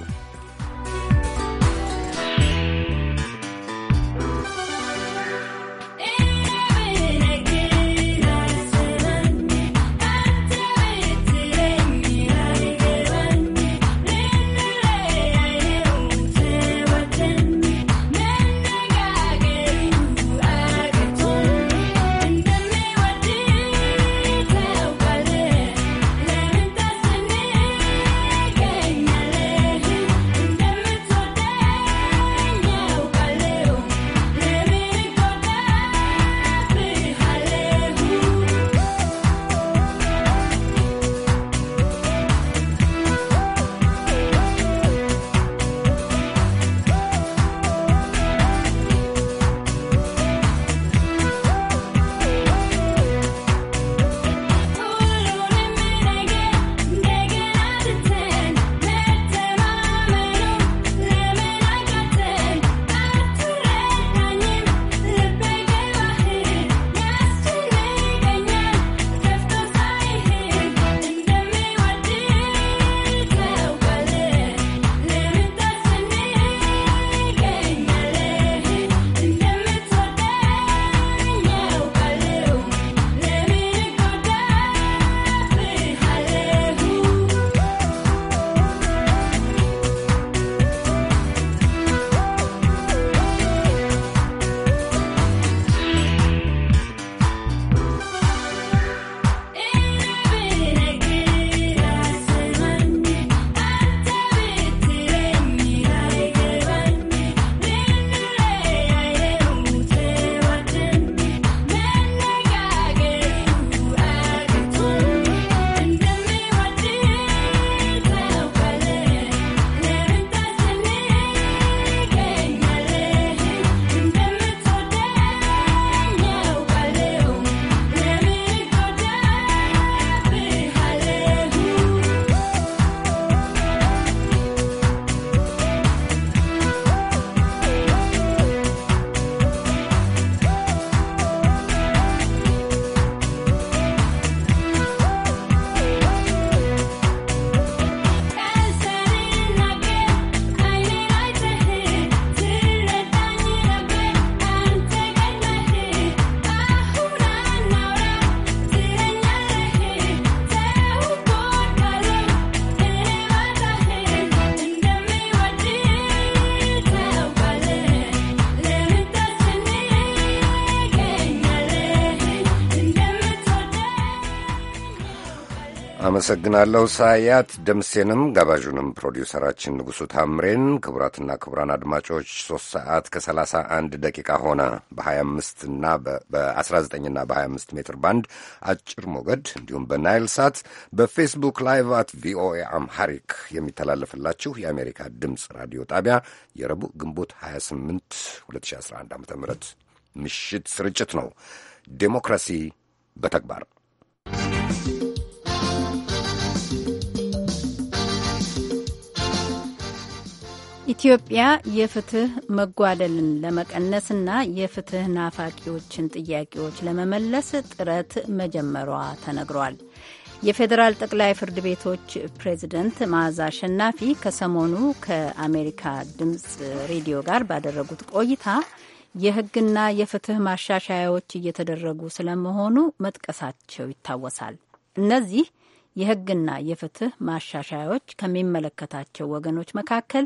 አመሰግናለሁ ሳያት ደምሴንም ጋባዡንም ፕሮዲውሰራችን ንጉሡ ታምሬን። ክቡራትና ክቡራን አድማጮች ሦስት ሰዓት ከሰላሳ አንድ ደቂቃ ሆነ። በ25 እና በ19ና በ25 ሜትር ባንድ አጭር ሞገድ እንዲሁም በናይል ሳት በፌስቡክ ላይቭ አት ቪኦኤ አምሃሪክ የሚተላለፍላችሁ የአሜሪካ ድምፅ ራዲዮ ጣቢያ የረቡዕ ግንቦት 28 2011 ዓ ም ምሽት ስርጭት ነው። ዴሞክራሲ በተግባር ኢትዮጵያ የፍትህ መጓደልን ለመቀነስና የፍትህ ናፋቂዎችን ጥያቄዎች ለመመለስ ጥረት መጀመሯ ተነግሯል። የፌዴራል ጠቅላይ ፍርድ ቤቶች ፕሬዝደንት መዓዛ አሸናፊ ከሰሞኑ ከአሜሪካ ድምፅ ሬዲዮ ጋር ባደረጉት ቆይታ የሕግና የፍትህ ማሻሻያዎች እየተደረጉ ስለመሆኑ መጥቀሳቸው ይታወሳል። እነዚህ የሕግና የፍትህ ማሻሻያዎች ከሚመለከታቸው ወገኖች መካከል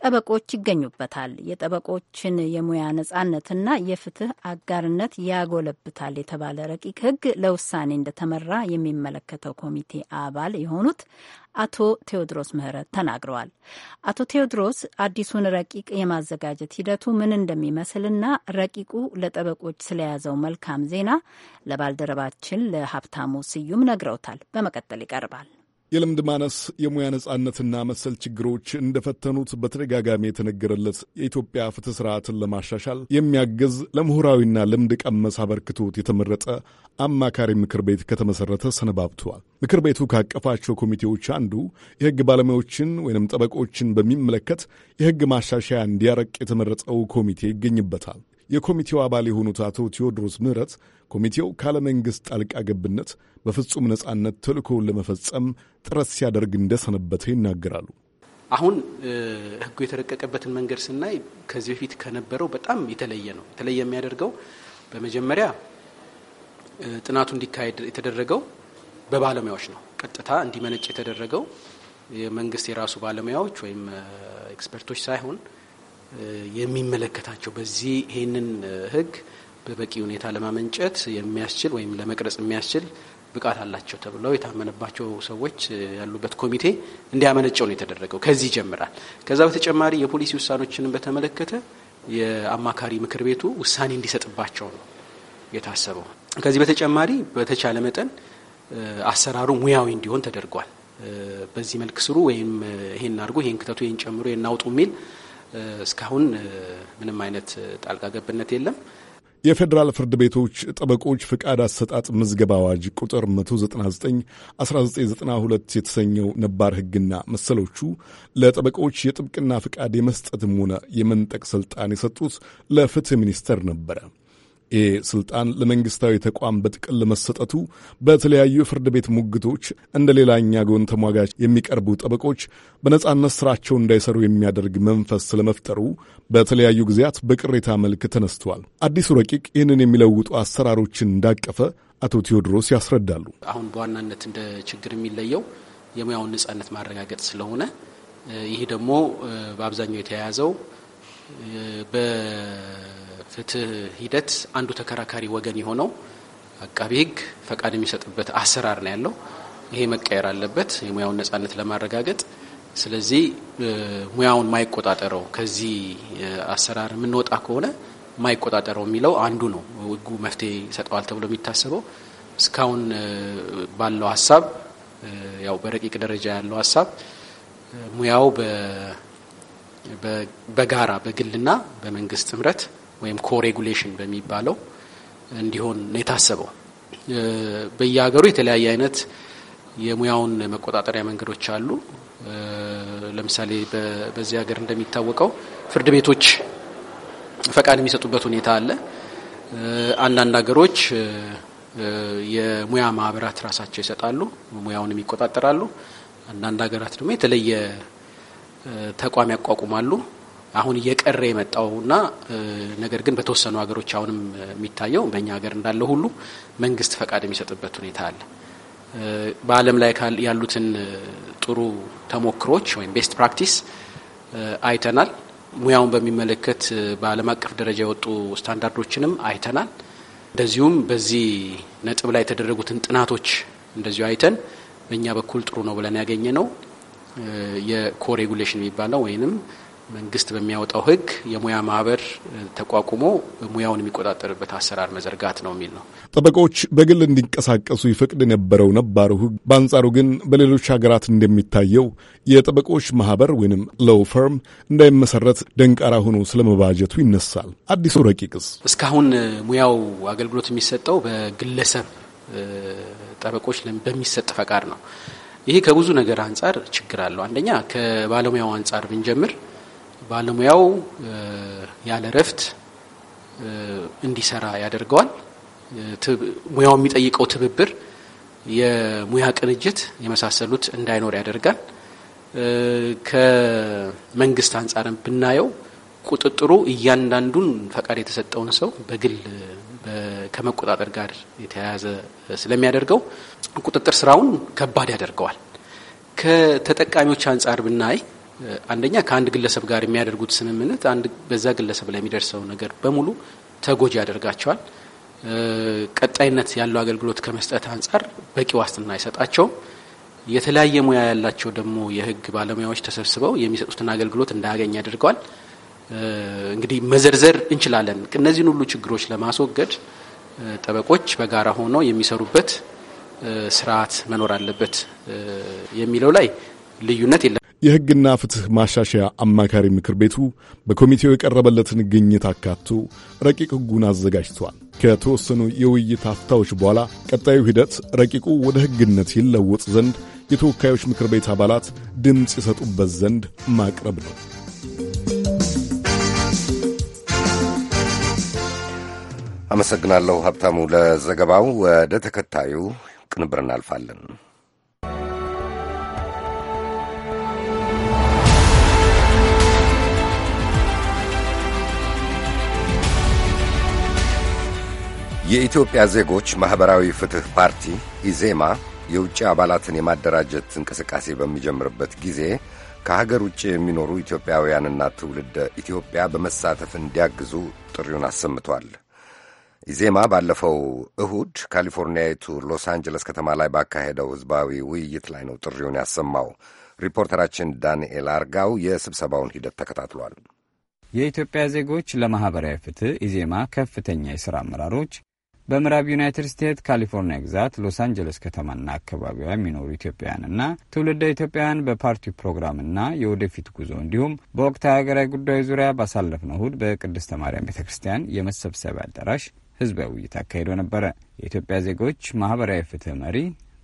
ጠበቆች ይገኙበታል። የጠበቆችን የሙያ ነጻነትና የፍትህ አጋርነት ያጎለብታል የተባለ ረቂቅ ህግ ለውሳኔ እንደተመራ የሚመለከተው ኮሚቴ አባል የሆኑት አቶ ቴዎድሮስ ምህረት ተናግረዋል። አቶ ቴዎድሮስ አዲሱን ረቂቅ የማዘጋጀት ሂደቱ ምን እንደሚመስልና ረቂቁ ለጠበቆች ስለያዘው መልካም ዜና ለባልደረባችን ለሀብታሙ ስዩም ነግረውታል። በመቀጠል ይቀርባል። የልምድ ማነስ፣ የሙያ ነጻነትና መሰል ችግሮች እንደፈተኑት በተደጋጋሚ የተነገረለት የኢትዮጵያ ፍትህ ስርዓትን ለማሻሻል የሚያግዝ ለምሁራዊና ልምድ ቀመስ አበርክቶት የተመረጠ አማካሪ ምክር ቤት ከተመሠረተ ሰነባብተዋል። ምክር ቤቱ ካቀፋቸው ኮሚቴዎች አንዱ የህግ ባለሙያዎችን ወይም ጠበቆችን በሚመለከት የህግ ማሻሻያ እንዲያረቅ የተመረጠው ኮሚቴ ይገኝበታል። የኮሚቴው አባል የሆኑት አቶ ቴዎድሮስ ምህረት ኮሚቴው ካለ ጣልቃ ገብነት በፍጹም ነጻነት ተልእኮውን ለመፈጸም ጥረት ሲያደርግ እንደሰነበተ ይናገራሉ። አሁን ህጉ የተረቀቀበትን መንገድ ስናይ ከዚህ በፊት ከነበረው በጣም የተለየ ነው። የተለየ የሚያደርገው በመጀመሪያ ጥናቱ እንዲካሄድ የተደረገው በባለሙያዎች ነው። ቀጥታ እንዲመነጭ የተደረገው የመንግስት የራሱ ባለሙያዎች ወይም ኤክስፐርቶች ሳይሆን የሚመለከታቸው በዚህ ይህንን ህግ በበቂ ሁኔታ ለማመንጨት የሚያስችል ወይም ለመቅረጽ የሚያስችል ብቃት አላቸው ተብለው የታመነባቸው ሰዎች ያሉበት ኮሚቴ እንዲያመነጨው ነው የተደረገው። ከዚህ ይጀምራል። ከዛ በተጨማሪ የፖሊሲ ውሳኔዎችንም በተመለከተ የአማካሪ ምክር ቤቱ ውሳኔ እንዲሰጥባቸው ነው የታሰበው። ከዚህ በተጨማሪ በተቻለ መጠን አሰራሩ ሙያዊ እንዲሆን ተደርጓል። በዚህ መልክ ስሩ ወይም ይሄን አድርጉ፣ ይሄን ክተቱ፣ ይሄን ጨምሮ፣ ይሄን አውጡ የሚል እስካሁን ምንም አይነት ጣልቃ ገብነት የለም። የፌዴራል ፍርድ ቤቶች ጠበቆች ፍቃድ አሰጣጥ ምዝገባ አዋጅ ቁጥር 199/1992 የተሰኘው ነባር ሕግና መሰሎቹ ለጠበቆች የጥብቅና ፍቃድ የመስጠትም ሆነ የመንጠቅ ሥልጣን የሰጡት ለፍትህ ሚኒስቴር ነበረ። ይሄ ስልጣን ለመንግስታዊ ተቋም በጥቅል መሰጠቱ በተለያዩ የፍርድ ቤት ሙግቶች እንደ ሌላኛ ጎን ተሟጋች የሚቀርቡ ጠበቆች በነጻነት ስራቸውን እንዳይሰሩ የሚያደርግ መንፈስ ስለመፍጠሩ በተለያዩ ጊዜያት በቅሬታ መልክ ተነስተዋል። አዲሱ ረቂቅ ይህንን የሚለውጡ አሰራሮችን እንዳቀፈ አቶ ቴዎድሮስ ያስረዳሉ። አሁን በዋናነት እንደ ችግር የሚለየው የሙያውን ነጻነት ማረጋገጥ ስለሆነ ይህ ደግሞ በአብዛኛው የተያያዘው ፍትህ ሂደት አንዱ ተከራካሪ ወገን የሆነው አቃቢ ህግ ፈቃድ የሚሰጥበት አሰራር ነው ያለው። ይሄ መቀየር አለበት የሙያውን ነጻነት ለማረጋገጥ። ስለዚህ ሙያውን ማይቆጣጠረው ከዚህ አሰራር የምንወጣ ከሆነ ማይቆጣጠረው የሚለው አንዱ ነው። ህጉ መፍትሄ ይሰጠዋል ተብሎ የሚታሰበው እስካሁን ባለው ሀሳብ ያው በረቂቅ ደረጃ ያለው ሀሳብ ሙያው በጋራ በግልና በመንግስት ጥምረት ወይም ኮሬጉሌሽን በሚባለው እንዲሆን ነው የታሰበው። በየሀገሩ የተለያየ አይነት የሙያውን መቆጣጠሪያ መንገዶች አሉ። ለምሳሌ በዚህ ሀገር እንደሚታወቀው ፍርድ ቤቶች ፈቃድ የሚሰጡበት ሁኔታ አለ። አንዳንድ ሀገሮች የሙያ ማህበራት ራሳቸው ይሰጣሉ፣ ሙያውንም ይቆጣጠራሉ። አንዳንድ ሀገራት ደግሞ የተለየ ተቋም ያቋቁማሉ። አሁን እየቀረ የመጣውና ነገር ግን በተወሰኑ ሀገሮች አሁንም የሚታየው በእኛ ሀገር እንዳለው ሁሉ መንግስት ፈቃድ የሚሰጥበት ሁኔታ አለ። በዓለም ላይ ያሉትን ጥሩ ተሞክሮች ወይም ቤስት ፕራክቲስ አይተናል። ሙያውን በሚመለከት በዓለም አቀፍ ደረጃ የወጡ ስታንዳርዶችንም አይተናል። እንደዚሁም በዚህ ነጥብ ላይ የተደረጉትን ጥናቶች እንደዚሁ አይተን በእኛ በኩል ጥሩ ነው ብለን ያገኘ ነው ሬጉሌሽን የሚባለው ወይንም መንግስት በሚያወጣው ህግ የሙያ ማህበር ተቋቁሞ ሙያውን የሚቆጣጠርበት አሰራር መዘርጋት ነው የሚል ነው። ጠበቆች በግል እንዲንቀሳቀሱ ይፈቅድ የነበረው ነባሩ ህግ በአንጻሩ ግን በሌሎች ሀገራት እንደሚታየው የጠበቆች ማህበር ወይም ሎው ፈርም እንዳይመሰረት ደንቃራ ሆኖ ስለመባጀቱ ይነሳል። አዲሱ ረቂቅስ እስካሁን ሙያው አገልግሎት የሚሰጠው በግለሰብ ጠበቆች በሚሰጥ ፈቃድ ነው። ይሄ ከብዙ ነገር አንጻር ችግር አለው። አንደኛ ከባለሙያው አንጻር ብንጀምር ባለሙያው ያለ እረፍት እንዲሰራ ያደርገዋል። ሙያው የሚጠይቀው ትብብር፣ የሙያ ቅንጅት የመሳሰሉት እንዳይኖር ያደርጋል። ከመንግስት አንጻርም ብናየው ቁጥጥሩ እያንዳንዱን ፈቃድ የተሰጠውን ሰው በግል ከመቆጣጠር ጋር የተያያዘ ስለሚያደርገው ቁጥጥር ስራውን ከባድ ያደርገዋል። ከተጠቃሚዎች አንጻር ብናይ አንደኛ ከአንድ ግለሰብ ጋር የሚያደርጉት ስምምነት አንድ በዛ ግለሰብ ላይ የሚደርሰው ነገር በሙሉ ተጎጂ ያደርጋቸዋል። ቀጣይነት ያለው አገልግሎት ከመስጠት አንጻር በቂ ዋስትና አይሰጣቸውም። የተለያየ ሙያ ያላቸው ደግሞ የህግ ባለሙያዎች ተሰብስበው የሚሰጡትን አገልግሎት እንዳያገኝ ያደርገዋል። እንግዲህ መዘርዘር እንችላለን። እነዚህን ሁሉ ችግሮች ለማስወገድ ጠበቆች በጋራ ሆነው የሚሰሩበት ስርዓት መኖር አለበት የሚለው ላይ ልዩነት የለም። የሕግና ፍትሕ ማሻሻያ አማካሪ ምክር ቤቱ በኮሚቴው የቀረበለትን ግኝት አካቶ ረቂቅ ሕጉን አዘጋጅቷል። ከተወሰኑ የውይይት አፍታዎች በኋላ ቀጣዩ ሂደት ረቂቁ ወደ ሕግነት ይለወጥ ዘንድ የተወካዮች ምክር ቤት አባላት ድምፅ ይሰጡበት ዘንድ ማቅረብ ነው። አመሰግናለሁ ሀብታሙ ለዘገባው። ወደ ተከታዩ ቅንብር እናልፋለን። የኢትዮጵያ ዜጎች ማኅበራዊ ፍትሕ ፓርቲ ኢዜማ የውጭ አባላትን የማደራጀት እንቅስቃሴ በሚጀምርበት ጊዜ ከሀገር ውጭ የሚኖሩ ኢትዮጵያውያንና ትውልደ ኢትዮጵያ በመሳተፍ እንዲያግዙ ጥሪውን አሰምቷል። ኢዜማ ባለፈው እሁድ ካሊፎርኒያዊቱ ሎስ አንጀለስ ከተማ ላይ ባካሄደው ሕዝባዊ ውይይት ላይ ነው ጥሪውን ያሰማው። ሪፖርተራችን ዳንኤል አርጋው የስብሰባውን ሂደት ተከታትሏል። የኢትዮጵያ ዜጎች ለማኅበራዊ ፍትሕ ኢዜማ ከፍተኛ የሥራ አመራሮች በምዕራብ ዩናይትድ ስቴትስ ካሊፎርኒያ ግዛት ሎስ አንጀለስ ከተማና አካባቢዋ የሚኖሩ ኢትዮጵያውያንና ትውልደ ኢትዮጵያውያን በፓርቲው ፕሮግራምና የወደፊት ጉዞ እንዲሁም በወቅታዊ ሀገራዊ ጉዳዮች ዙሪያ ባሳለፍነው እሁድ በቅድስተ ማርያም ቤተ ክርስቲያን የመሰብሰቢያ አዳራሽ ህዝባዊ ውይይት አካሂዶ ነበረ። የኢትዮጵያ ዜጎች ማህበራዊ ፍትህ መሪ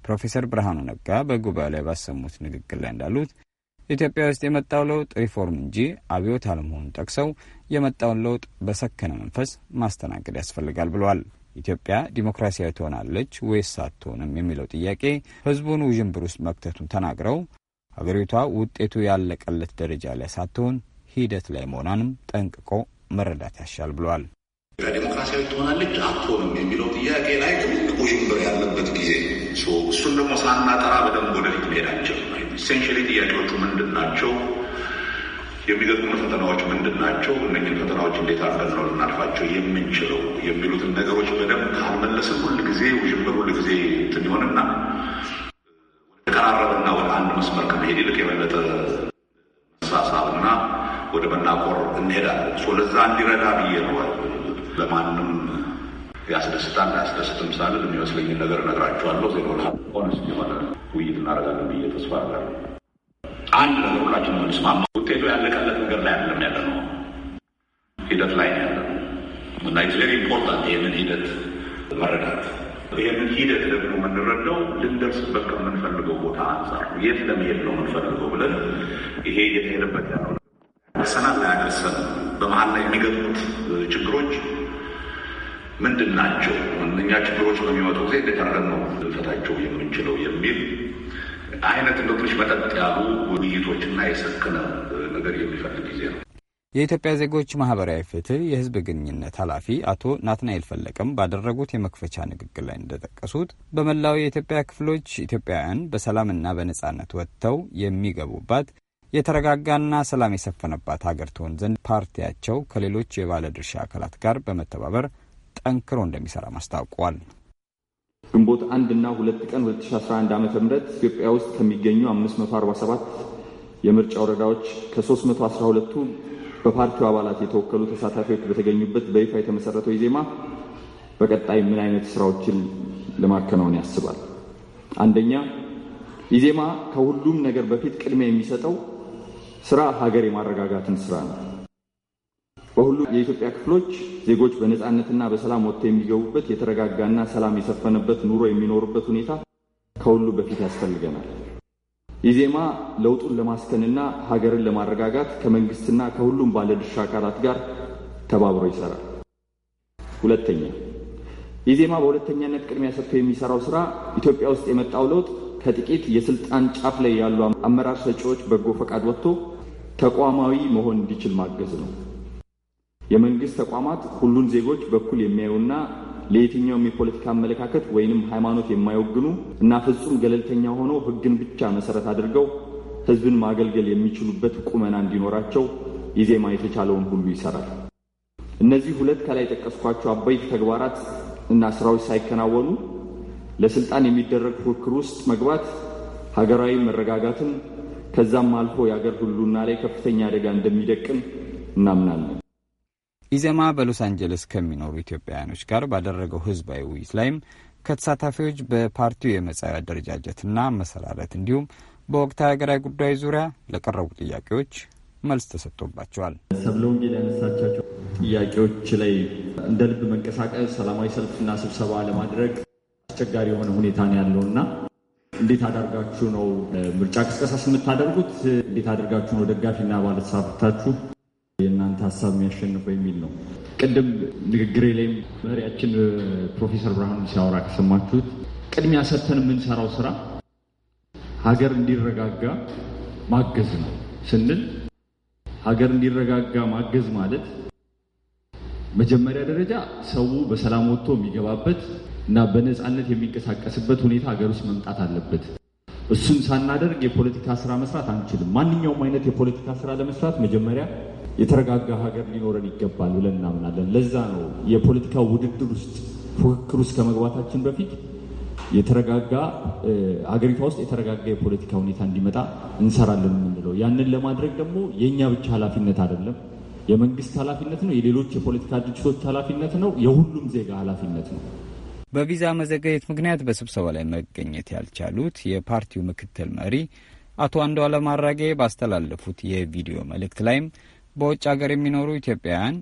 ፕሮፌሰር ብርሃኑ ነጋ በጉባኤው ላይ ባሰሙት ንግግር ላይ እንዳሉት ኢትዮጵያ ውስጥ የመጣው ለውጥ ሪፎርም እንጂ አብዮት አለመሆኑን ጠቅሰው የመጣውን ለውጥ በሰከነ መንፈስ ማስተናገድ ያስፈልጋል ብለዋል። ኢትዮጵያ ዲሞክራሲያዊ ትሆናለች ወይስ አትሆንም የሚለው ጥያቄ ህዝቡን ውዥንብር ውስጥ መክተቱን ተናግረው ሀገሪቷ ውጤቱ ያለቀለት ደረጃ ላይ ሳትሆን ሂደት ላይ መሆኗንም ጠንቅቆ መረዳት ያሻል ብሏል። ዲሞክራሲያዊ ትሆናለች አትሆንም የሚለው ጥያቄ ላይ ትልቅ ውዥንብር ያለበት ጊዜ እሱን ደግሞ ሳናጠራ በደንብ ወደፊት መሄዳቸው አንችልም። ኢሴንሽሊ ጥያቄዎቹ ምንድን ናቸው? የሚገጥሙን ፈተናዎች ምንድን ናቸው? እነኝን ፈተናዎች እንዴት አድርገን ነው ልናልፋቸው የምንችለው የሚሉትን ነገሮች በደንብ ካልመለስን ሁልጊዜ ውዥንበር ሁልጊዜ እንትን ይሆንና ወደ ተቀራረበና ወደ አንድ መስመር ከመሄድ ይልቅ የበለጠ መሳሳብና ወደ መናቆር እንሄዳለን። ለዛ እንዲረዳ ብዬ ነው። ለማንም ያስደስታል አያስደስትም ሳልል የሚመስለኝን ነገር እነግራችኋለሁ። ዜና ሆነስ የሆነ ውይይት እናደርጋለን ብዬ ተስፋ አደርጋለሁ። አንድ ነገር ሁላችን የምንስማማ ውጤቱ ያለቀለት ነገር ላይ አይደለም ያለ ነው፣ ሂደት ላይ ያለ ነው እና ኢትስ ቬሪ ኢምፖርታንት ይህንን ሂደት መረዳት። ይህንን ሂደት ደግሞ የምንረዳው ልንደርስበት ከምንፈልገው ቦታ አንጻር የት ለመሄድ ነው የምንፈልገው ብለን ይሄ እየተሄደበት ያለው ያደርሰናል አያደርሰን፣ በመሀል ላይ የሚገጥሙት ችግሮች ምንድን ናቸው? እነኛ ችግሮች በሚመጡ ጊዜ እንዴት አድርገን ነው ልንፈታቸው የምንችለው የሚል አይነት እንደ መጠጥ ያሉ ውይይቶችና የሰከነ ነገር የሚፈልግ ጊዜ ነው። የኢትዮጵያ ዜጎች ማህበራዊ ፍትህ የህዝብ ግንኙነት ኃላፊ አቶ ናትናኤል ፈለቀም ባደረጉት የመክፈቻ ንግግር ላይ እንደጠቀሱት በመላው የኢትዮጵያ ክፍሎች ኢትዮጵያውያን በሰላምና በነጻነት ወጥተው የሚገቡባት የተረጋጋና ሰላም የሰፈነባት ሀገር ትሆን ዘንድ ፓርቲያቸው ከሌሎች የባለድርሻ አካላት ጋር በመተባበር ጠንክሮ እንደሚሰራ ማስታውቋል። ግንቦት አንድ እና ሁለት ቀን 2011 ዓ ም ኢትዮጵያ ውስጥ ከሚገኙ 547 የምርጫ ወረዳዎች ከ312ቱ በፓርቲው አባላት የተወከሉ ተሳታፊዎች በተገኙበት በይፋ የተመሰረተው ኢዜማ በቀጣይ ምን አይነት ስራዎችን ለማከናወን ያስባል? አንደኛ፣ ኢዜማ ከሁሉም ነገር በፊት ቅድሚያ የሚሰጠው ስራ ሀገር የማረጋጋትን ስራ ነው። በሁሉ የኢትዮጵያ ክፍሎች ዜጎች በነፃነትና በሰላም ወጥተው የሚገቡበት የተረጋጋና ሰላም የሰፈነበት ኑሮ የሚኖሩበት ሁኔታ ከሁሉ በፊት ያስፈልገናል። ኢዜማ ለውጡን ለማስከንና ሀገርን ለማረጋጋት ከመንግስትና ከሁሉም ባለድርሻ አካላት ጋር ተባብሮ ይሰራል። ሁለተኛ ኢዜማ በሁለተኛነት ቅድሚያ ሰጥቶ የሚሰራው ስራ ኢትዮጵያ ውስጥ የመጣው ለውጥ ከጥቂት የስልጣን ጫፍ ላይ ያሉ አመራር ሰጪዎች በጎ ፈቃድ ወጥቶ ተቋማዊ መሆን እንዲችል ማገዝ ነው። የመንግስት ተቋማት ሁሉን ዜጎች በኩል የሚያዩና ለየትኛውም የፖለቲካ አመለካከት ወይንም ሃይማኖት የማይወግኑ እና ፍጹም ገለልተኛ ሆነው ህግን ብቻ መሰረት አድርገው ህዝብን ማገልገል የሚችሉበት ቁመና እንዲኖራቸው ኢዜማ የተቻለውን ሁሉ ይሰራል። እነዚህ ሁለት ከላይ የጠቀስኳቸው አበይት ተግባራት እና ስራዎች ሳይከናወኑ ለስልጣን የሚደረግ ፉክክር ውስጥ መግባት ሀገራዊ መረጋጋትን ከዛም አልፎ የአገር ሁሉና ላይ ከፍተኛ አደጋ እንደሚደቅን እናምናለን። ኢዜማ በሎስ አንጀለስ ከሚኖሩ ኢትዮጵያውያኖች ጋር ባደረገው ህዝባዊ ውይይት ላይም ከተሳታፊዎች በፓርቲው የመጻኢ አደረጃጀትና መሰራረት እንዲሁም በወቅታዊ ሀገራዊ ጉዳይ ዙሪያ ለቀረቡ ጥያቄዎች መልስ ተሰጥቶባቸዋል። ሰብለውን ያነሳቻቸው ጥያቄዎች ላይ እንደ ልብ መንቀሳቀስ፣ ሰላማዊ ሰልፍና ስብሰባ ለማድረግ አስቸጋሪ የሆነ ሁኔታ ነው ያለው እና እንዴት አደርጋችሁ ነው ምርጫ ቅስቀሳስ የምታደርጉት? እንዴት አደርጋችሁ ነው ደጋፊና ባለተሳታፊዎቻችሁ የእናንተ ሀሳብ የሚያሸንፈው የሚል ነው። ቅድም ንግግሬ ላይም መሪያችን ፕሮፌሰር ብርሃኑ ሲያወራ ከሰማችሁት ቅድሚያ ሰጥተን የምንሰራው ስራ ሀገር እንዲረጋጋ ማገዝ ነው ስንል ሀገር እንዲረጋጋ ማገዝ ማለት መጀመሪያ ደረጃ ሰው በሰላም ወጥቶ የሚገባበት እና በነፃነት የሚንቀሳቀስበት ሁኔታ ሀገር ውስጥ መምጣት አለበት። እሱን ሳናደርግ የፖለቲካ ስራ መስራት አንችልም። ማንኛውም አይነት የፖለቲካ ስራ ለመስራት መጀመሪያ የተረጋጋ ሀገር ሊኖረን ይገባል ብለን እናምናለን። ለዛ ነው የፖለቲካ ውድድር ውስጥ ፉክክር ውስጥ ከመግባታችን በፊት የተረጋጋ ሀገሪቷ ውስጥ የተረጋጋ የፖለቲካ ሁኔታ እንዲመጣ እንሰራለን የምንለው። ያንን ለማድረግ ደግሞ የእኛ ብቻ ኃላፊነት አይደለም፣ የመንግስት ኃላፊነት ነው፣ የሌሎች የፖለቲካ ድርጅቶች ኃላፊነት ነው፣ የሁሉም ዜጋ ኃላፊነት ነው። በቪዛ መዘገየት ምክንያት በስብሰባ ላይ መገኘት ያልቻሉት የፓርቲው ምክትል መሪ አቶ አንዱዓለም አራጌ ባስተላለፉት የቪዲዮ መልእክት ላይም በውጭ አገር የሚኖሩ ኢትዮጵያውያን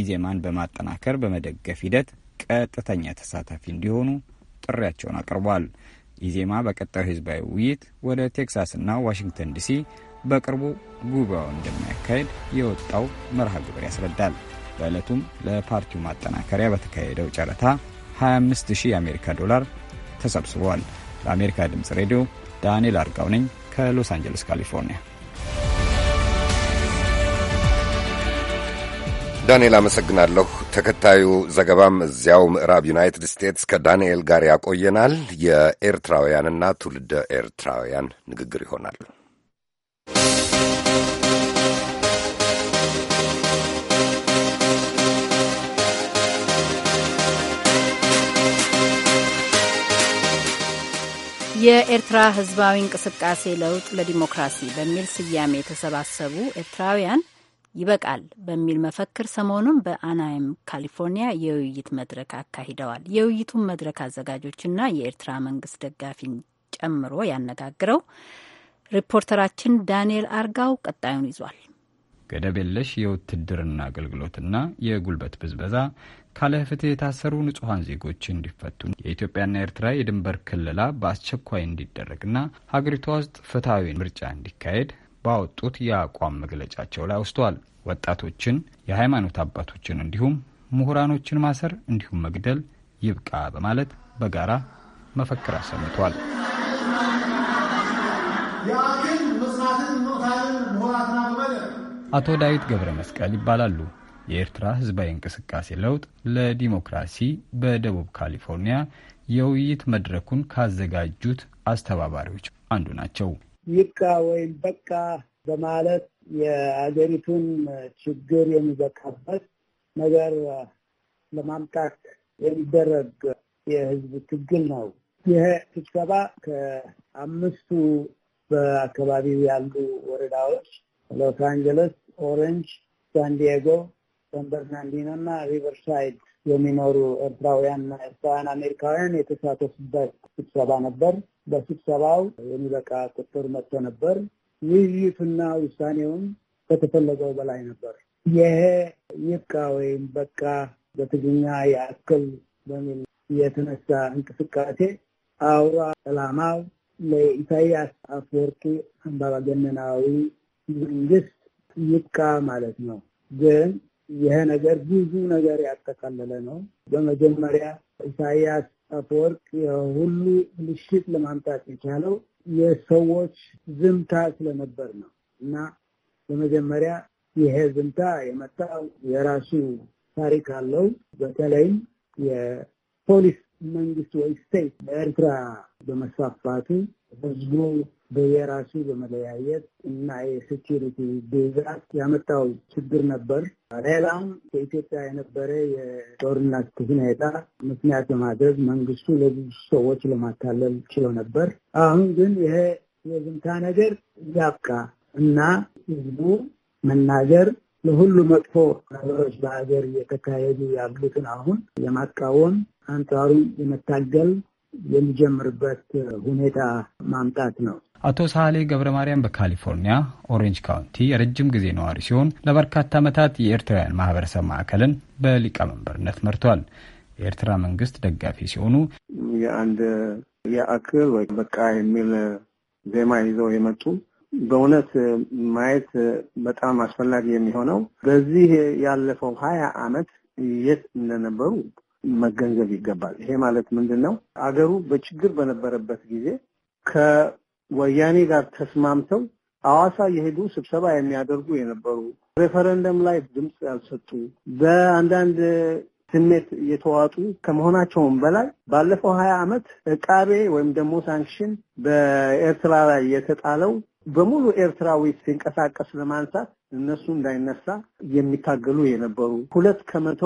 ኢዜማን በማጠናከር በመደገፍ ሂደት ቀጥተኛ ተሳታፊ እንዲሆኑ ጥሪያቸውን አቅርቧል። ኢዜማ በቀጣዩ ህዝባዊ ውይይት ወደ ቴክሳስና ዋሽንግተን ዲሲ በቅርቡ ጉባኤውን እንደሚያካሄድ የወጣው መርሃ ግብር ያስረዳል። በዕለቱም ለፓርቲው ማጠናከሪያ በተካሄደው ጨረታ 25000 የአሜሪካ ዶላር ተሰብስቧል። ለአሜሪካ ድምፅ ሬዲዮ ዳንኤል አርጋው ነኝ ከሎስ አንጀለስ ካሊፎርኒያ። ዳንኤል አመሰግናለሁ። ተከታዩ ዘገባም እዚያው ምዕራብ ዩናይትድ ስቴትስ ከዳንኤል ጋር ያቆየናል። የኤርትራውያንና ትውልደ ኤርትራውያን ንግግር ይሆናል። የኤርትራ ህዝባዊ እንቅስቃሴ ለውጥ ለዲሞክራሲ በሚል ስያሜ የተሰባሰቡ ኤርትራውያን ይበቃል በሚል መፈክር ሰሞኑን በአናይም ካሊፎርኒያ የውይይት መድረክ አካሂደዋል። የውይይቱን መድረክ አዘጋጆችና የኤርትራ መንግስት ደጋፊን ጨምሮ ያነጋግረው ሪፖርተራችን ዳንኤል አርጋው ቀጣዩን ይዟል። ገደብ የለሽ የውትድርና አገልግሎትና የጉልበት ብዝበዛ ካለ ፍትህ የታሰሩ ንጹሐን ዜጎች እንዲፈቱ የኢትዮጵያና ኤርትራ የድንበር ክልላ በአስቸኳይ እንዲደረግና ሀገሪቷ ውስጥ ፍትሐዊ ምርጫ እንዲካሄድ ባወጡት የአቋም መግለጫቸው ላይ አውስተዋል። ወጣቶችን፣ የሃይማኖት አባቶችን እንዲሁም ምሁራኖችን ማሰር እንዲሁም መግደል ይብቃ በማለት በጋራ መፈክር አሰምቷል። አቶ ዳዊት ገብረ መስቀል ይባላሉ። የኤርትራ ህዝባዊ እንቅስቃሴ ለውጥ ለዲሞክራሲ በደቡብ ካሊፎርኒያ የውይይት መድረኩን ካዘጋጁት አስተባባሪዎች አንዱ ናቸው። ይብቃ ወይም በቃ በማለት የአገሪቱን ችግር የሚበቃበት ነገር ለማምጣት የሚደረግ የህዝብ ትግል ነው። ይሄ ስብሰባ ከአምስቱ በአካባቢው ያሉ ወረዳዎች ሎስ አንጀለስ፣ ኦሬንጅ፣ ሳንዲያጎ፣ ሳን በርናንዲኖ እና ሪቨርሳይድ የሚኖሩ ኤርትራውያንና ኤርትራውያን አሜሪካውያን የተሳተፉበት ስብሰባ ነበር። በስብሰባው የሚበቃ ቁጥር መጥቶ ነበር። ውይይቱና ውሳኔውም ከተፈለገው በላይ ነበር። ይሄ ይብቃ ወይም በቃ በትግኛ የአክል በሚል የተነሳ እንቅስቃሴ አውራ ዕላማው ለኢሳያስ አፈወርቂ አምባገነናዊ መንግስት ይብቃ ማለት ነው ግን ይሄ ነገር ብዙ ነገር ያጠቃለለ ነው። በመጀመሪያ ኢሳያስ አፈወርቅ ሁሉ ብልሽት ለማምጣት የቻለው የሰዎች ዝምታ ስለነበር ነው እና በመጀመሪያ ይሄ ዝምታ የመጣው የራሱ ታሪክ አለው። በተለይም የፖሊስ መንግስት ወይ ስቴት በኤርትራ በመስፋፋቱ ህዝቡ በየራሱ በመለያየት እና የሴኪሪቲ ብዛት ያመጣው ችግር ነበር። ሌላም በኢትዮጵያ የነበረ የጦርነት ሁኔታ ምክንያት ለማድረግ መንግስቱ ለብዙ ሰዎች ለማታለል ችሎ ነበር። አሁን ግን ይሄ የዝምታ ነገር ያብቃ እና ህዝቡ መናገር ለሁሉ መጥፎ ነገሮች በሀገር እየተካሄዱ ያሉትን አሁን የማቃወም አንጻሩን የመታገል የሚጀምርበት ሁኔታ ማምጣት ነው። አቶ ሳህሌ ገብረ ማርያም በካሊፎርኒያ ኦሬንጅ ካውንቲ የረጅም ጊዜ ነዋሪ ሲሆን ለበርካታ ዓመታት የኤርትራውያን ማህበረሰብ ማዕከልን በሊቀመንበርነት መርቷል። የኤርትራ መንግስት ደጋፊ ሲሆኑ የአንድ የአክል ወይ በቃ የሚል ዜማ ይዘው የመጡ በእውነት ማየት በጣም አስፈላጊ የሚሆነው በዚህ ያለፈው ሀያ አመት የት እንደነበሩ መገንዘብ ይገባል። ይሄ ማለት ምንድን ነው? አገሩ በችግር በነበረበት ጊዜ ወያኔ ጋር ተስማምተው አዋሳ የሄዱ ስብሰባ የሚያደርጉ የነበሩ ሬፈረንደም ላይ ድምፅ ያልሰጡ በአንዳንድ ስሜት የተዋጡ ከመሆናቸውም በላይ ባለፈው ሀያ ዓመት እቃቤ ወይም ደግሞ ሳንክሽን በኤርትራ ላይ የተጣለው በሙሉ ኤርትራዊ ሲንቀሳቀስ ለማንሳት እነሱ እንዳይነሳ የሚታገሉ የነበሩ ሁለት ከመቶ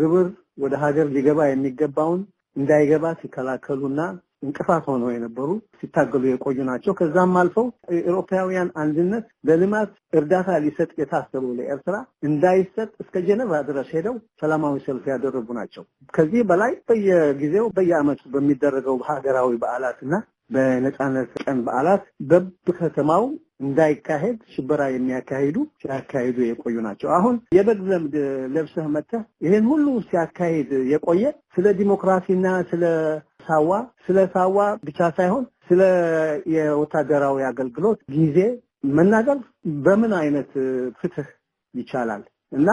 ግብር ወደ ሀገር ሊገባ የሚገባውን እንዳይገባ ሲከላከሉና እንቅፋት ሆነው የነበሩ ሲታገሉ የቆዩ ናቸው። ከዛም አልፈው የኤሮፓውያን አንድነት ለልማት እርዳታ ሊሰጥ የታሰበው ለኤርትራ እንዳይሰጥ እስከ ጀነቫ ድረስ ሄደው ሰላማዊ ሰልፍ ያደረጉ ናቸው። ከዚህ በላይ በየጊዜው በየዓመቱ በሚደረገው ሀገራዊ በዓላትና በነፃነት ቀን በዓላት በብ ከተማው እንዳይካሄድ ሽበራ የሚያካሂዱ ሲያካሂዱ የቆዩ ናቸው። አሁን የበግ ለምድ ለብሰህ መጥተህ ይህን ሁሉ ሲያካሂድ የቆየ ስለ ዲሞክራሲና ስለ ሳዋ ስለ ሳዋ ብቻ ሳይሆን ስለ የወታደራዊ አገልግሎት ጊዜ መናገር በምን አይነት ፍትህ ይቻላል? እና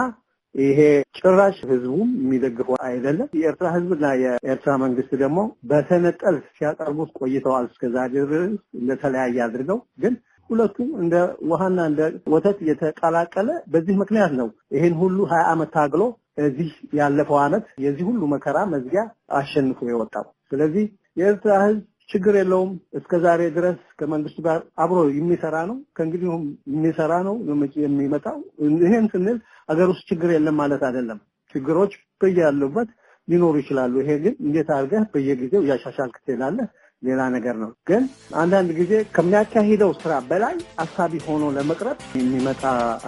ይሄ ጭራሽ ህዝቡም የሚደግፈው አይደለም። የኤርትራ ህዝብና የኤርትራ መንግስት ደግሞ በተነጠል ሲያቀርቡት ቆይተዋል። እስከዛ ድረስ እንደተለያየ አድርገው ግን ሁለቱም እንደ ውሃና እንደ ወተት የተቀላቀለ በዚህ ምክንያት ነው ይህን ሁሉ ሀያ ዓመት ታግሎ እዚህ ያለፈው ዓመት የዚህ ሁሉ መከራ መዝጊያ አሸንፎ የወጣው። ስለዚህ የኤርትራ ህዝብ ችግር የለውም። እስከ ዛሬ ድረስ ከመንግስቱ ጋር አብሮ የሚሰራ ነው። ከእንግዲሁም የሚሰራ ነው የሚመጣው። ይሄን ስንል አገር ውስጥ ችግር የለም ማለት አይደለም። ችግሮች በያሉበት ሊኖሩ ይችላሉ። ይሄ ግን እንዴት አድርገህ በየጊዜው እያሻሻልክ ትሄዳለህ ሌላ ነገር ነው። ግን አንዳንድ ጊዜ ከሚያካሂደው ስራ በላይ አሳቢ ሆኖ ለመቅረብ የሚመጣ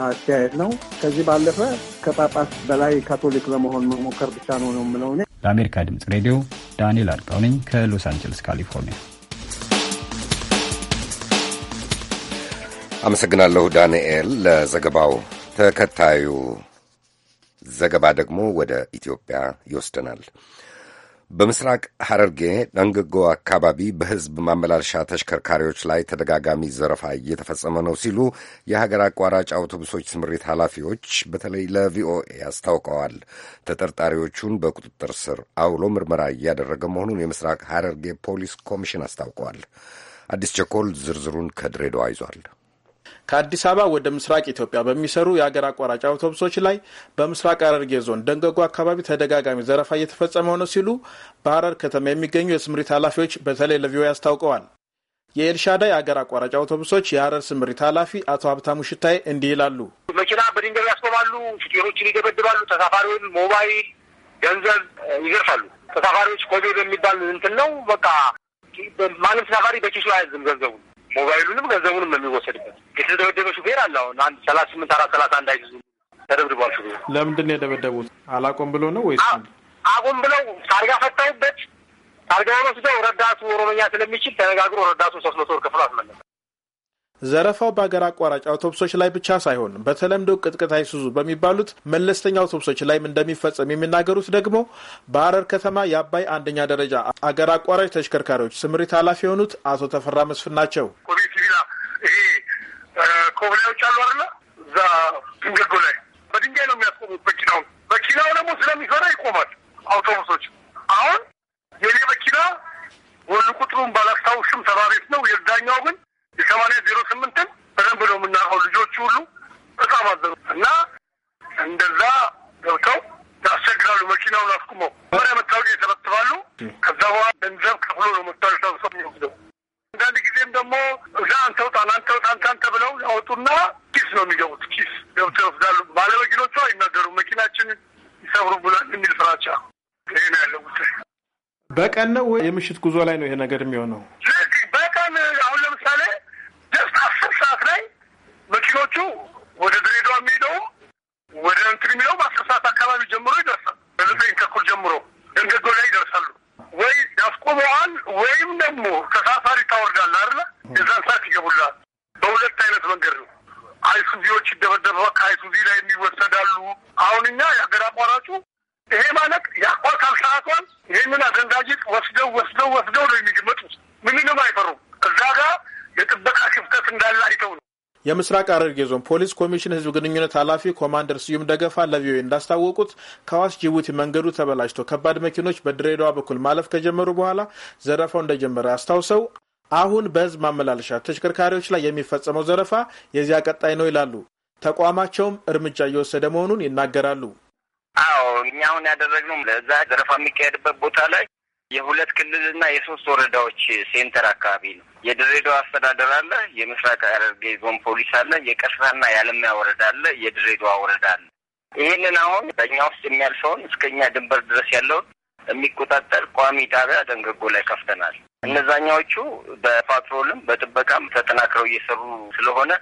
አስተያየት ነው። ከዚህ ባለፈ ከጳጳስ በላይ ካቶሊክ ለመሆን መሞከር ብቻ ነው ነው የምለው ለአሜሪካ ድምፅ ሬዲዮ ዳንኤል አርጋው ነኝ ከሎስ አንጀልስ ካሊፎርኒያ። አመሰግናለሁ ዳንኤል ለዘገባው። ተከታዩ ዘገባ ደግሞ ወደ ኢትዮጵያ ይወስደናል። በምስራቅ ሐረርጌ ደንገጎ አካባቢ በሕዝብ ማመላለሻ ተሽከርካሪዎች ላይ ተደጋጋሚ ዘረፋ እየተፈጸመ ነው ሲሉ የሀገር አቋራጭ አውቶቡሶች ስምሪት ኃላፊዎች በተለይ ለቪኦኤ አስታውቀዋል። ተጠርጣሪዎቹን በቁጥጥር ስር አውሎ ምርመራ እያደረገ መሆኑን የምስራቅ ሐረርጌ ፖሊስ ኮሚሽን አስታውቀዋል። አዲስ ቸኮል ዝርዝሩን ከድሬዳዋ ይዟል። ከአዲስ አበባ ወደ ምስራቅ ኢትዮጵያ በሚሰሩ የአገር አቋራጭ አውቶቡሶች ላይ በምስራቅ ሐረርጌ ዞን ደንገጎ አካባቢ ተደጋጋሚ ዘረፋ እየተፈጸመ ነው ሲሉ በሐረር ከተማ የሚገኙ የስምሪት ኃላፊዎች በተለይ ለቪኦኤ አስታውቀዋል። የኤልሻዳይ አገር አቋራጭ አውቶቡሶች የሐረር ስምሪት ኃላፊ አቶ ሀብታሙ ሽታይ እንዲህ ይላሉ። መኪና በድንጋይ ያስቆማሉ፣ ሹፌሮችን ይደበድባሉ፣ ተሳፋሪውን ሞባይል፣ ገንዘብ ይዘርፋሉ። ተሳፋሪዎች ኮቤ በሚባል እንትን ነው በቃ ማንም ተሳፋሪ በኪሱ አያዝም ገንዘቡ ሞባይሉንም ገንዘቡንም ነው የሚወሰድበት። የተደበደበ ሹፌር አለ። አሁን አንድ ሰላሳ ስምንት አራት ሰላሳ አንድ አይዙ ተደብድቧል። ሹፌር ለምንድን ነው የደበደቡት? አላቆም ብሎ ነው ወይስ አቁም ብለው ታርጋ ፈታሁበት ታርጋ ወስደው ረዳቱ ኦሮምኛ ስለሚችል ተነጋግሮ ረዳቱ ሶስት መቶ ወር ከፍሎ አስመለሰ። ዘረፋው በአገር አቋራጭ አውቶቡሶች ላይ ብቻ ሳይሆን በተለምዶ ቅጥቅጥ አይሱዙ በሚባሉት መለስተኛ አውቶቡሶች ላይም እንደሚፈጸም የሚናገሩት ደግሞ በሀረር ከተማ የአባይ አንደኛ ደረጃ አገር አቋራጭ ተሽከርካሪዎች ስምሪት ኃላፊ የሆኑት አቶ ተፈራ መስፍን ናቸው። ኮብላዮች አሉ አለ እዛ ድንገጎ ላይ በድንጋይ ነው የሚያስቆሙት መኪናውን። መኪናው ደግሞ ስለሚፈራ ይቆማል። አውቶቡሶች አሁን የኔ መኪና ወሉ ቁጥሩን ባላስታውሽም ሰባ ነው። የዛኛው ግን የሰማንያ ዜሮ ስምንትን በደንብ ነው የምናውቀው። ልጆቹ ሁሉ በጣም አዘኑ እና እንደዛ ገብተው ያስቸግራሉ። መኪናውን አስቁመው መሪያ መታወቂያ ይሰበስባሉ። ከዛ በኋላ ገንዘብ ከፍሎ ነው መታወቂያ ሰብሰብ የሚወስደው። አንዳንድ ጊዜም ደግሞ እዛ አንተ ውጣ አንተ ውጣ አንተ ብለው ያወጡና ኪስ ነው የሚገቡት። ኪስ ገብተው ይወስዳሉ። ባለመኪኖቹ አይናገሩም። መኪናችን ይሰብሩ ይሰብሩብናል የሚል ፍራቻ ይሄ ነው ያለው ጉዳይ። በቀን ነው የምሽት ጉዞ ላይ ነው ይሄ ነገር የሚሆነው። ልክ በቀን አሁን ለምሳሌ ጀስት አስር ሰዓት ላይ መኪኖቹ ወደ ድሬዳዋ የሚሄደውም ወደ እንትን የሚለው አስር ሰዓት አካባቢ ጀምሮ ይደርሳል። በዘጠኝ ተኩል ጀምሮ ደንገጎ ላይ ይደርሳሉ። ወይ ያስቆመዋል ወይም ደግሞ ተሳፋሪ ታወርዳል አለ የዛን ሰዓት ይገቡላል። በሁለት አይነት መንገድ ነው። አይሱዚዎች ይደበደበ ከአይሱዚ ላይ የሚወሰዳሉ። አሁን እኛ የሀገር አቋራጩ ይሄ ማለት የአቋታል ሰዓቷን ይህንን አዘንዳጌጥ ወስደው ወስደው ወስደው ነው የሚገመጡት። ምንንም አይፈሩም እዛ ጋር የጥበቃ ሽፍተት እንዳለ አይተው ነው። የምስራቅ ሐረርጌ ዞን ፖሊስ ኮሚሽን ህዝብ ግንኙነት ኃላፊ ኮማንደር ስዩም ደገፋ ለቪኦኤ እንዳስታወቁት ከዋስ ጅቡቲ መንገዱ ተበላሽቶ ከባድ መኪኖች በድሬዳዋ በኩል ማለፍ ከጀመሩ በኋላ ዘረፋው እንደጀመረ አስታውሰው አሁን በህዝብ ማመላለሻ ተሽከርካሪዎች ላይ የሚፈጸመው ዘረፋ የዚያ ቀጣይ ነው ይላሉ። ተቋማቸውም እርምጃ እየወሰደ መሆኑን ይናገራሉ። አዎ እኛ አሁን ያደረግነው ለዛ ዘረፋ የሚካሄድበት ቦታ ላይ የሁለት ክልልና የሶስት ወረዳዎች ሴንተር አካባቢ ነው የድሬዳዋ አስተዳደር አለ፣ የምስራቅ ሐረርጌ ዞን ፖሊስ አለ፣ የቀስራና የአለሚያ ወረዳ አለ፣ የድሬዳዋ ወረዳ አለ። ይህንን አሁን በእኛ ውስጥ የሚያልፈውን እስከኛ ድንበር ድረስ ያለውን የሚቆጣጠር ቋሚ ጣቢያ ደንገጎ ላይ ከፍተናል። እነዛኛዎቹ በፓትሮልም በጥበቃም ተጠናክረው እየሰሩ ስለሆነ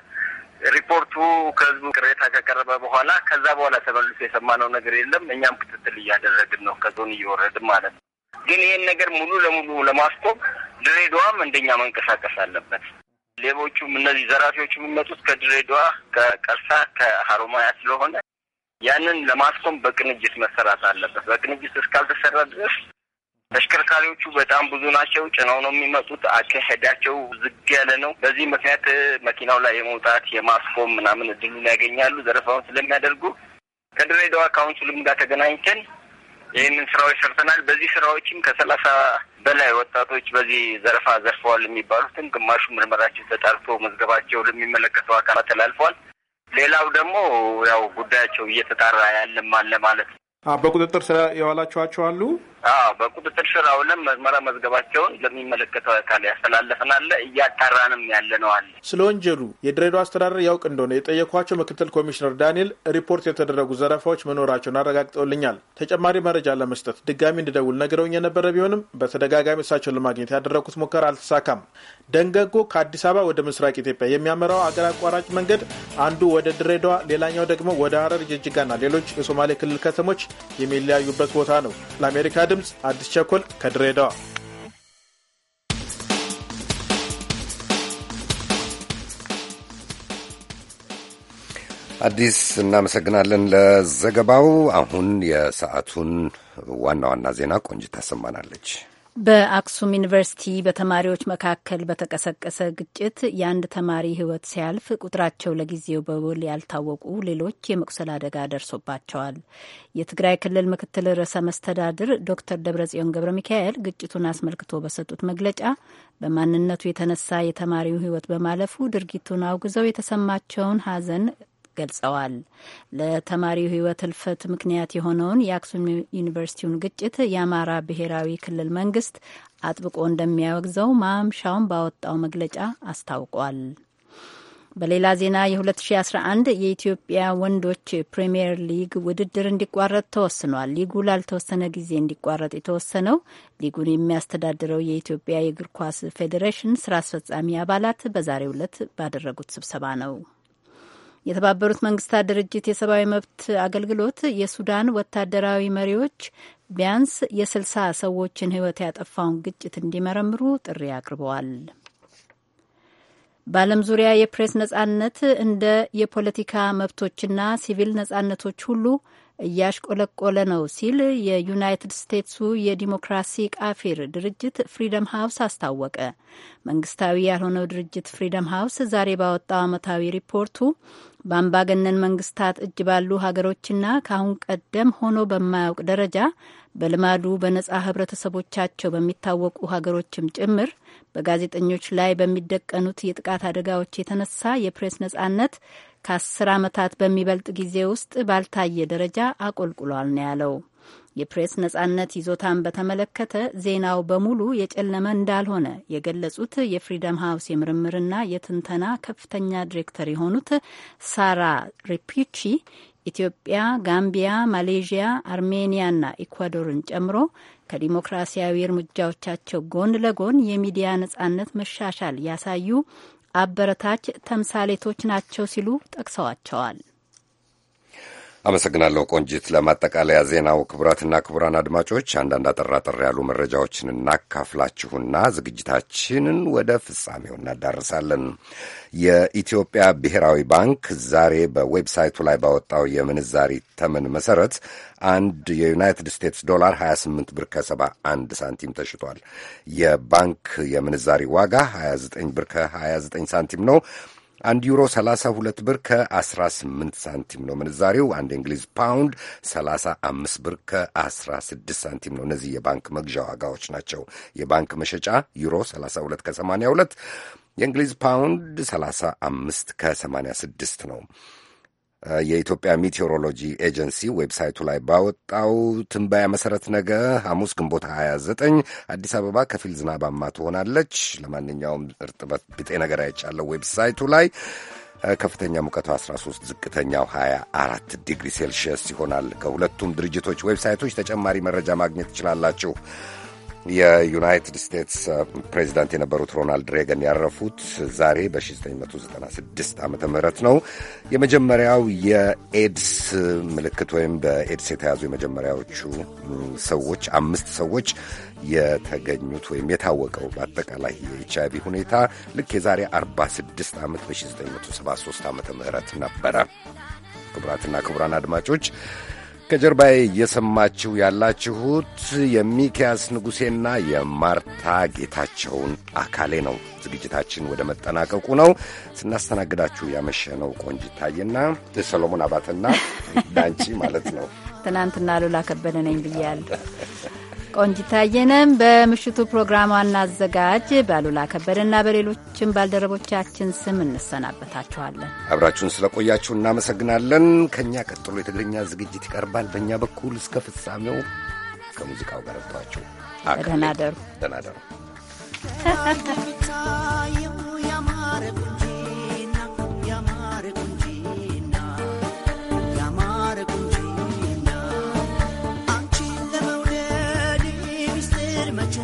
ሪፖርቱ ከህዝቡ ቅሬታ ከቀረበ በኋላ ከዛ በኋላ ተመልሶ የሰማነው ነገር የለም። እኛም ክትትል እያደረግን ነው፣ ከዞን እየወረድን ማለት ነው። ግን ይሄን ነገር ሙሉ ለሙሉ ለማስቆም ድሬዳዋም እንደኛ መንቀሳቀስ አለበት። ሌቦቹም እነዚህ ዘራፊዎች የሚመጡት ከድሬዳዋ፣ ከቀርሳ፣ ከሀሮማያ ስለሆነ ያንን ለማስቆም በቅንጅት መሰራት አለበት። በቅንጅት እስካልተሰራ ድረስ ተሽከርካሪዎቹ በጣም ብዙ ናቸው። ጭነው ነው የሚመጡት። አካሄዳቸው ዝግ ያለ ነው። በዚህ ምክንያት መኪናው ላይ የመውጣት የማስቆም ምናምን እድሉን ያገኛሉ። ዘረፋውን ስለሚያደርጉ ከድሬዳዋ ካውንስልም ጋር ተገናኝተን ይህንን ስራዎች ሰርተናል። በዚህ ስራዎችም ከሰላሳ በላይ ወጣቶች በዚህ ዘረፋ ዘርፈዋል የሚባሉትን ግማሹ ምርመራችን ተጣርቶ መዝገባቸው ለሚመለከተው አካላት ተላልፈዋል። ሌላው ደግሞ ያው ጉዳያቸው እየተጣራ ያለም አለ ማለት ነው። በቁጥጥር ስር የዋላችኋቸው አሉ? በቁጥጥር ስር አውለን ምርመራ መዝገባቸውን ለሚመለከተው አካል ያስተላለፍናለ እያጣራንም ያለ ነው አለ። ስለ ወንጀሉ የድሬዳዋ አስተዳደር ያውቅ እንደሆነ የጠየኳቸው ምክትል ኮሚሽነር ዳንኤል ሪፖርት የተደረጉ ዘረፋዎች መኖራቸውን አረጋግጠውልኛል። ተጨማሪ መረጃ ለመስጠት ድጋሚ እንድደውል ነግረውኝ የነበረ ቢሆንም በተደጋጋሚ እሳቸውን ለማግኘት ያደረጉት ሙከራ አልተሳካም። ደንገጎ ከአዲስ አበባ ወደ ምስራቅ ኢትዮጵያ የሚያመራው አገር አቋራጭ መንገድ አንዱ ወደ ድሬዳዋ፣ ሌላኛው ደግሞ ወደ ሀረር፣ ጅጅጋና ሌሎች የሶማሌ ክልል ከተሞች የሚለያዩበት ቦታ ነው። ለአሜሪካ ድምፅ አዲስ ቸኮል ከድሬዳዋ አዲስ እናመሰግናለን ለዘገባው። አሁን የሰዓቱን ዋና ዋና ዜና ቆንጅት ታሰማናለች። በአክሱም ዩኒቨርሲቲ በተማሪዎች መካከል በተቀሰቀሰ ግጭት የአንድ ተማሪ ሕይወት ሲያልፍ ቁጥራቸው ለጊዜው በውል ያልታወቁ ሌሎች የመቁሰል አደጋ ደርሶባቸዋል። የትግራይ ክልል ምክትል ርዕሰ መስተዳድር ዶክተር ደብረጽዮን ገብረ ሚካኤል ግጭቱን አስመልክቶ በሰጡት መግለጫ በማንነቱ የተነሳ የተማሪው ሕይወት በማለፉ ድርጊቱን አውግዘው የተሰማቸውን ሐዘን ገልጸዋል። ለተማሪው ሕይወት ህልፈት ምክንያት የሆነውን የአክሱም ዩኒቨርሲቲውን ግጭት የአማራ ብሔራዊ ክልል መንግስት አጥብቆ እንደሚያወግዘው ማምሻውን ባወጣው መግለጫ አስታውቋል። በሌላ ዜና የ2011 የኢትዮጵያ ወንዶች ፕሪምየር ሊግ ውድድር እንዲቋረጥ ተወስኗል። ሊጉ ላልተወሰነ ጊዜ እንዲቋረጥ የተወሰነው ሊጉን የሚያስተዳድረው የኢትዮጵያ የእግር ኳስ ፌዴሬሽን ስራ አስፈጻሚ አባላት በዛሬው ዕለት ባደረጉት ስብሰባ ነው። የተባበሩት መንግስታት ድርጅት የሰብአዊ መብት አገልግሎት የሱዳን ወታደራዊ መሪዎች ቢያንስ የስልሳ ሰዎችን ህይወት ያጠፋውን ግጭት እንዲመረምሩ ጥሪ አቅርበዋል። በዓለም ዙሪያ የፕሬስ ነጻነት እንደ የፖለቲካ መብቶችና ሲቪል ነጻነቶች ሁሉ እያሽቆለቆለ ነው ሲል የዩናይትድ ስቴትሱ የዲሞክራሲ ቃፊር ድርጅት ፍሪደም ሀውስ አስታወቀ። መንግስታዊ ያልሆነው ድርጅት ፍሪደም ሀውስ ዛሬ ባወጣው ዓመታዊ ሪፖርቱ በአምባገነን መንግስታት እጅ ባሉ ሀገሮችና ከአሁን ቀደም ሆኖ በማያውቅ ደረጃ በልማዱ በነጻ ህብረተሰቦቻቸው በሚታወቁ ሀገሮችም ጭምር በጋዜጠኞች ላይ በሚደቀኑት የጥቃት አደጋዎች የተነሳ የፕሬስ ነጻነት ከአስር ዓመታት በሚበልጥ ጊዜ ውስጥ ባልታየ ደረጃ አቆልቁሏል ነው ያለው። የፕሬስ ነጻነት ይዞታን በተመለከተ ዜናው በሙሉ የጨለመ እንዳልሆነ የገለጹት የፍሪደም ሀውስ የምርምርና የትንተና ከፍተኛ ዲሬክተር የሆኑት ሳራ ሪፒቺ ኢትዮጵያ፣ ጋምቢያ፣ ማሌዥያ፣ አርሜኒያና ኢኳዶርን ጨምሮ ከዲሞክራሲያዊ እርምጃዎቻቸው ጎን ለጎን የሚዲያ ነጻነት መሻሻል ያሳዩ አበረታች ተምሳሌቶች ናቸው ሲሉ ጠቅሰዋቸዋል። አመሰግናለሁ ቆንጂት። ለማጠቃለያ ዜናው ክቡራትና ክቡራን አድማጮች አንዳንድ አጠር አጠር ያሉ መረጃዎችን እናካፍላችሁና ዝግጅታችንን ወደ ፍጻሜው እናዳርሳለን። የኢትዮጵያ ብሔራዊ ባንክ ዛሬ በዌብሳይቱ ላይ ባወጣው የምንዛሪ ተመን መሰረት አንድ የዩናይትድ ስቴትስ ዶላር 28 ብር ከ71 ሳንቲም ተሽጧል። የባንክ የምንዛሪ ዋጋ 29 ብር ከ29 ሳንቲም ነው። አንድ ዩሮ 32 ብር ከ18 ሳንቲም ነው ምንዛሬው። አንድ እንግሊዝ ፓውንድ 35 ብር ከ16 ሳንቲም ነው። እነዚህ የባንክ መግዣ ዋጋዎች ናቸው። የባንክ መሸጫ ዩሮ 32 ከ82፣ የእንግሊዝ ፓውንድ 35 ከ86 ነው። የኢትዮጵያ ሚቴዎሮሎጂ ኤጀንሲ ዌብሳይቱ ላይ ባወጣው ትንበያ መሰረት ነገ ሐሙስ ግንቦት 29 አዲስ አበባ ከፊል ዝናባማ ትሆናለች። ለማንኛውም እርጥበት ቢጤ ነገር አይቻለሁ ዌብሳይቱ ላይ። ከፍተኛ ሙቀቱ 13፣ ዝቅተኛው 24 ዲግሪ ሴልሽየስ ይሆናል። ከሁለቱም ድርጅቶች ዌብሳይቶች ተጨማሪ መረጃ ማግኘት ትችላላችሁ። የዩናይትድ ስቴትስ ፕሬዚዳንት የነበሩት ሮናልድ ሬገን ያረፉት ዛሬ በ1996 ዓ ም ነው። የመጀመሪያው የኤድስ ምልክት ወይም በኤድስ የተያዙ የመጀመሪያዎቹ ሰዎች አምስት ሰዎች የተገኙት ወይም የታወቀው በአጠቃላይ የኤች አይቪ ሁኔታ ልክ የዛሬ 46 ዓመት በ1973 ዓ ም ነበረ። ክቡራትና ክቡራን አድማጮች ከጀርባዬ እየሰማችሁ ያላችሁት የሚኪያስ ንጉሴና የማርታ ጌታቸውን አካሌ ነው። ዝግጅታችን ወደ መጠናቀቁ ነው። ስናስተናግዳችሁ ያመሸነው ቆንጅታይና ሰሎሞን አባትና ዳንቺ ማለት ነው። ትናንትና ሉላ ከበደ ነኝ ብያለሁ። ቆንጅታየነን በምሽቱ ፕሮግራሟን አዘጋጅ ባሉላ ከበደና በሌሎችም ባልደረቦቻችን ስም እንሰናበታችኋለን። አብራችሁን ስለቆያችሁ እናመሰግናለን። ከእኛ ቀጥሎ የትግርኛ ዝግጅት ይቀርባል። በእኛ በኩል እስከ ፍጻሜው ከሙዚቃው ጋር ብቷችሁ ደህና ደሩ ደህና ደሩ much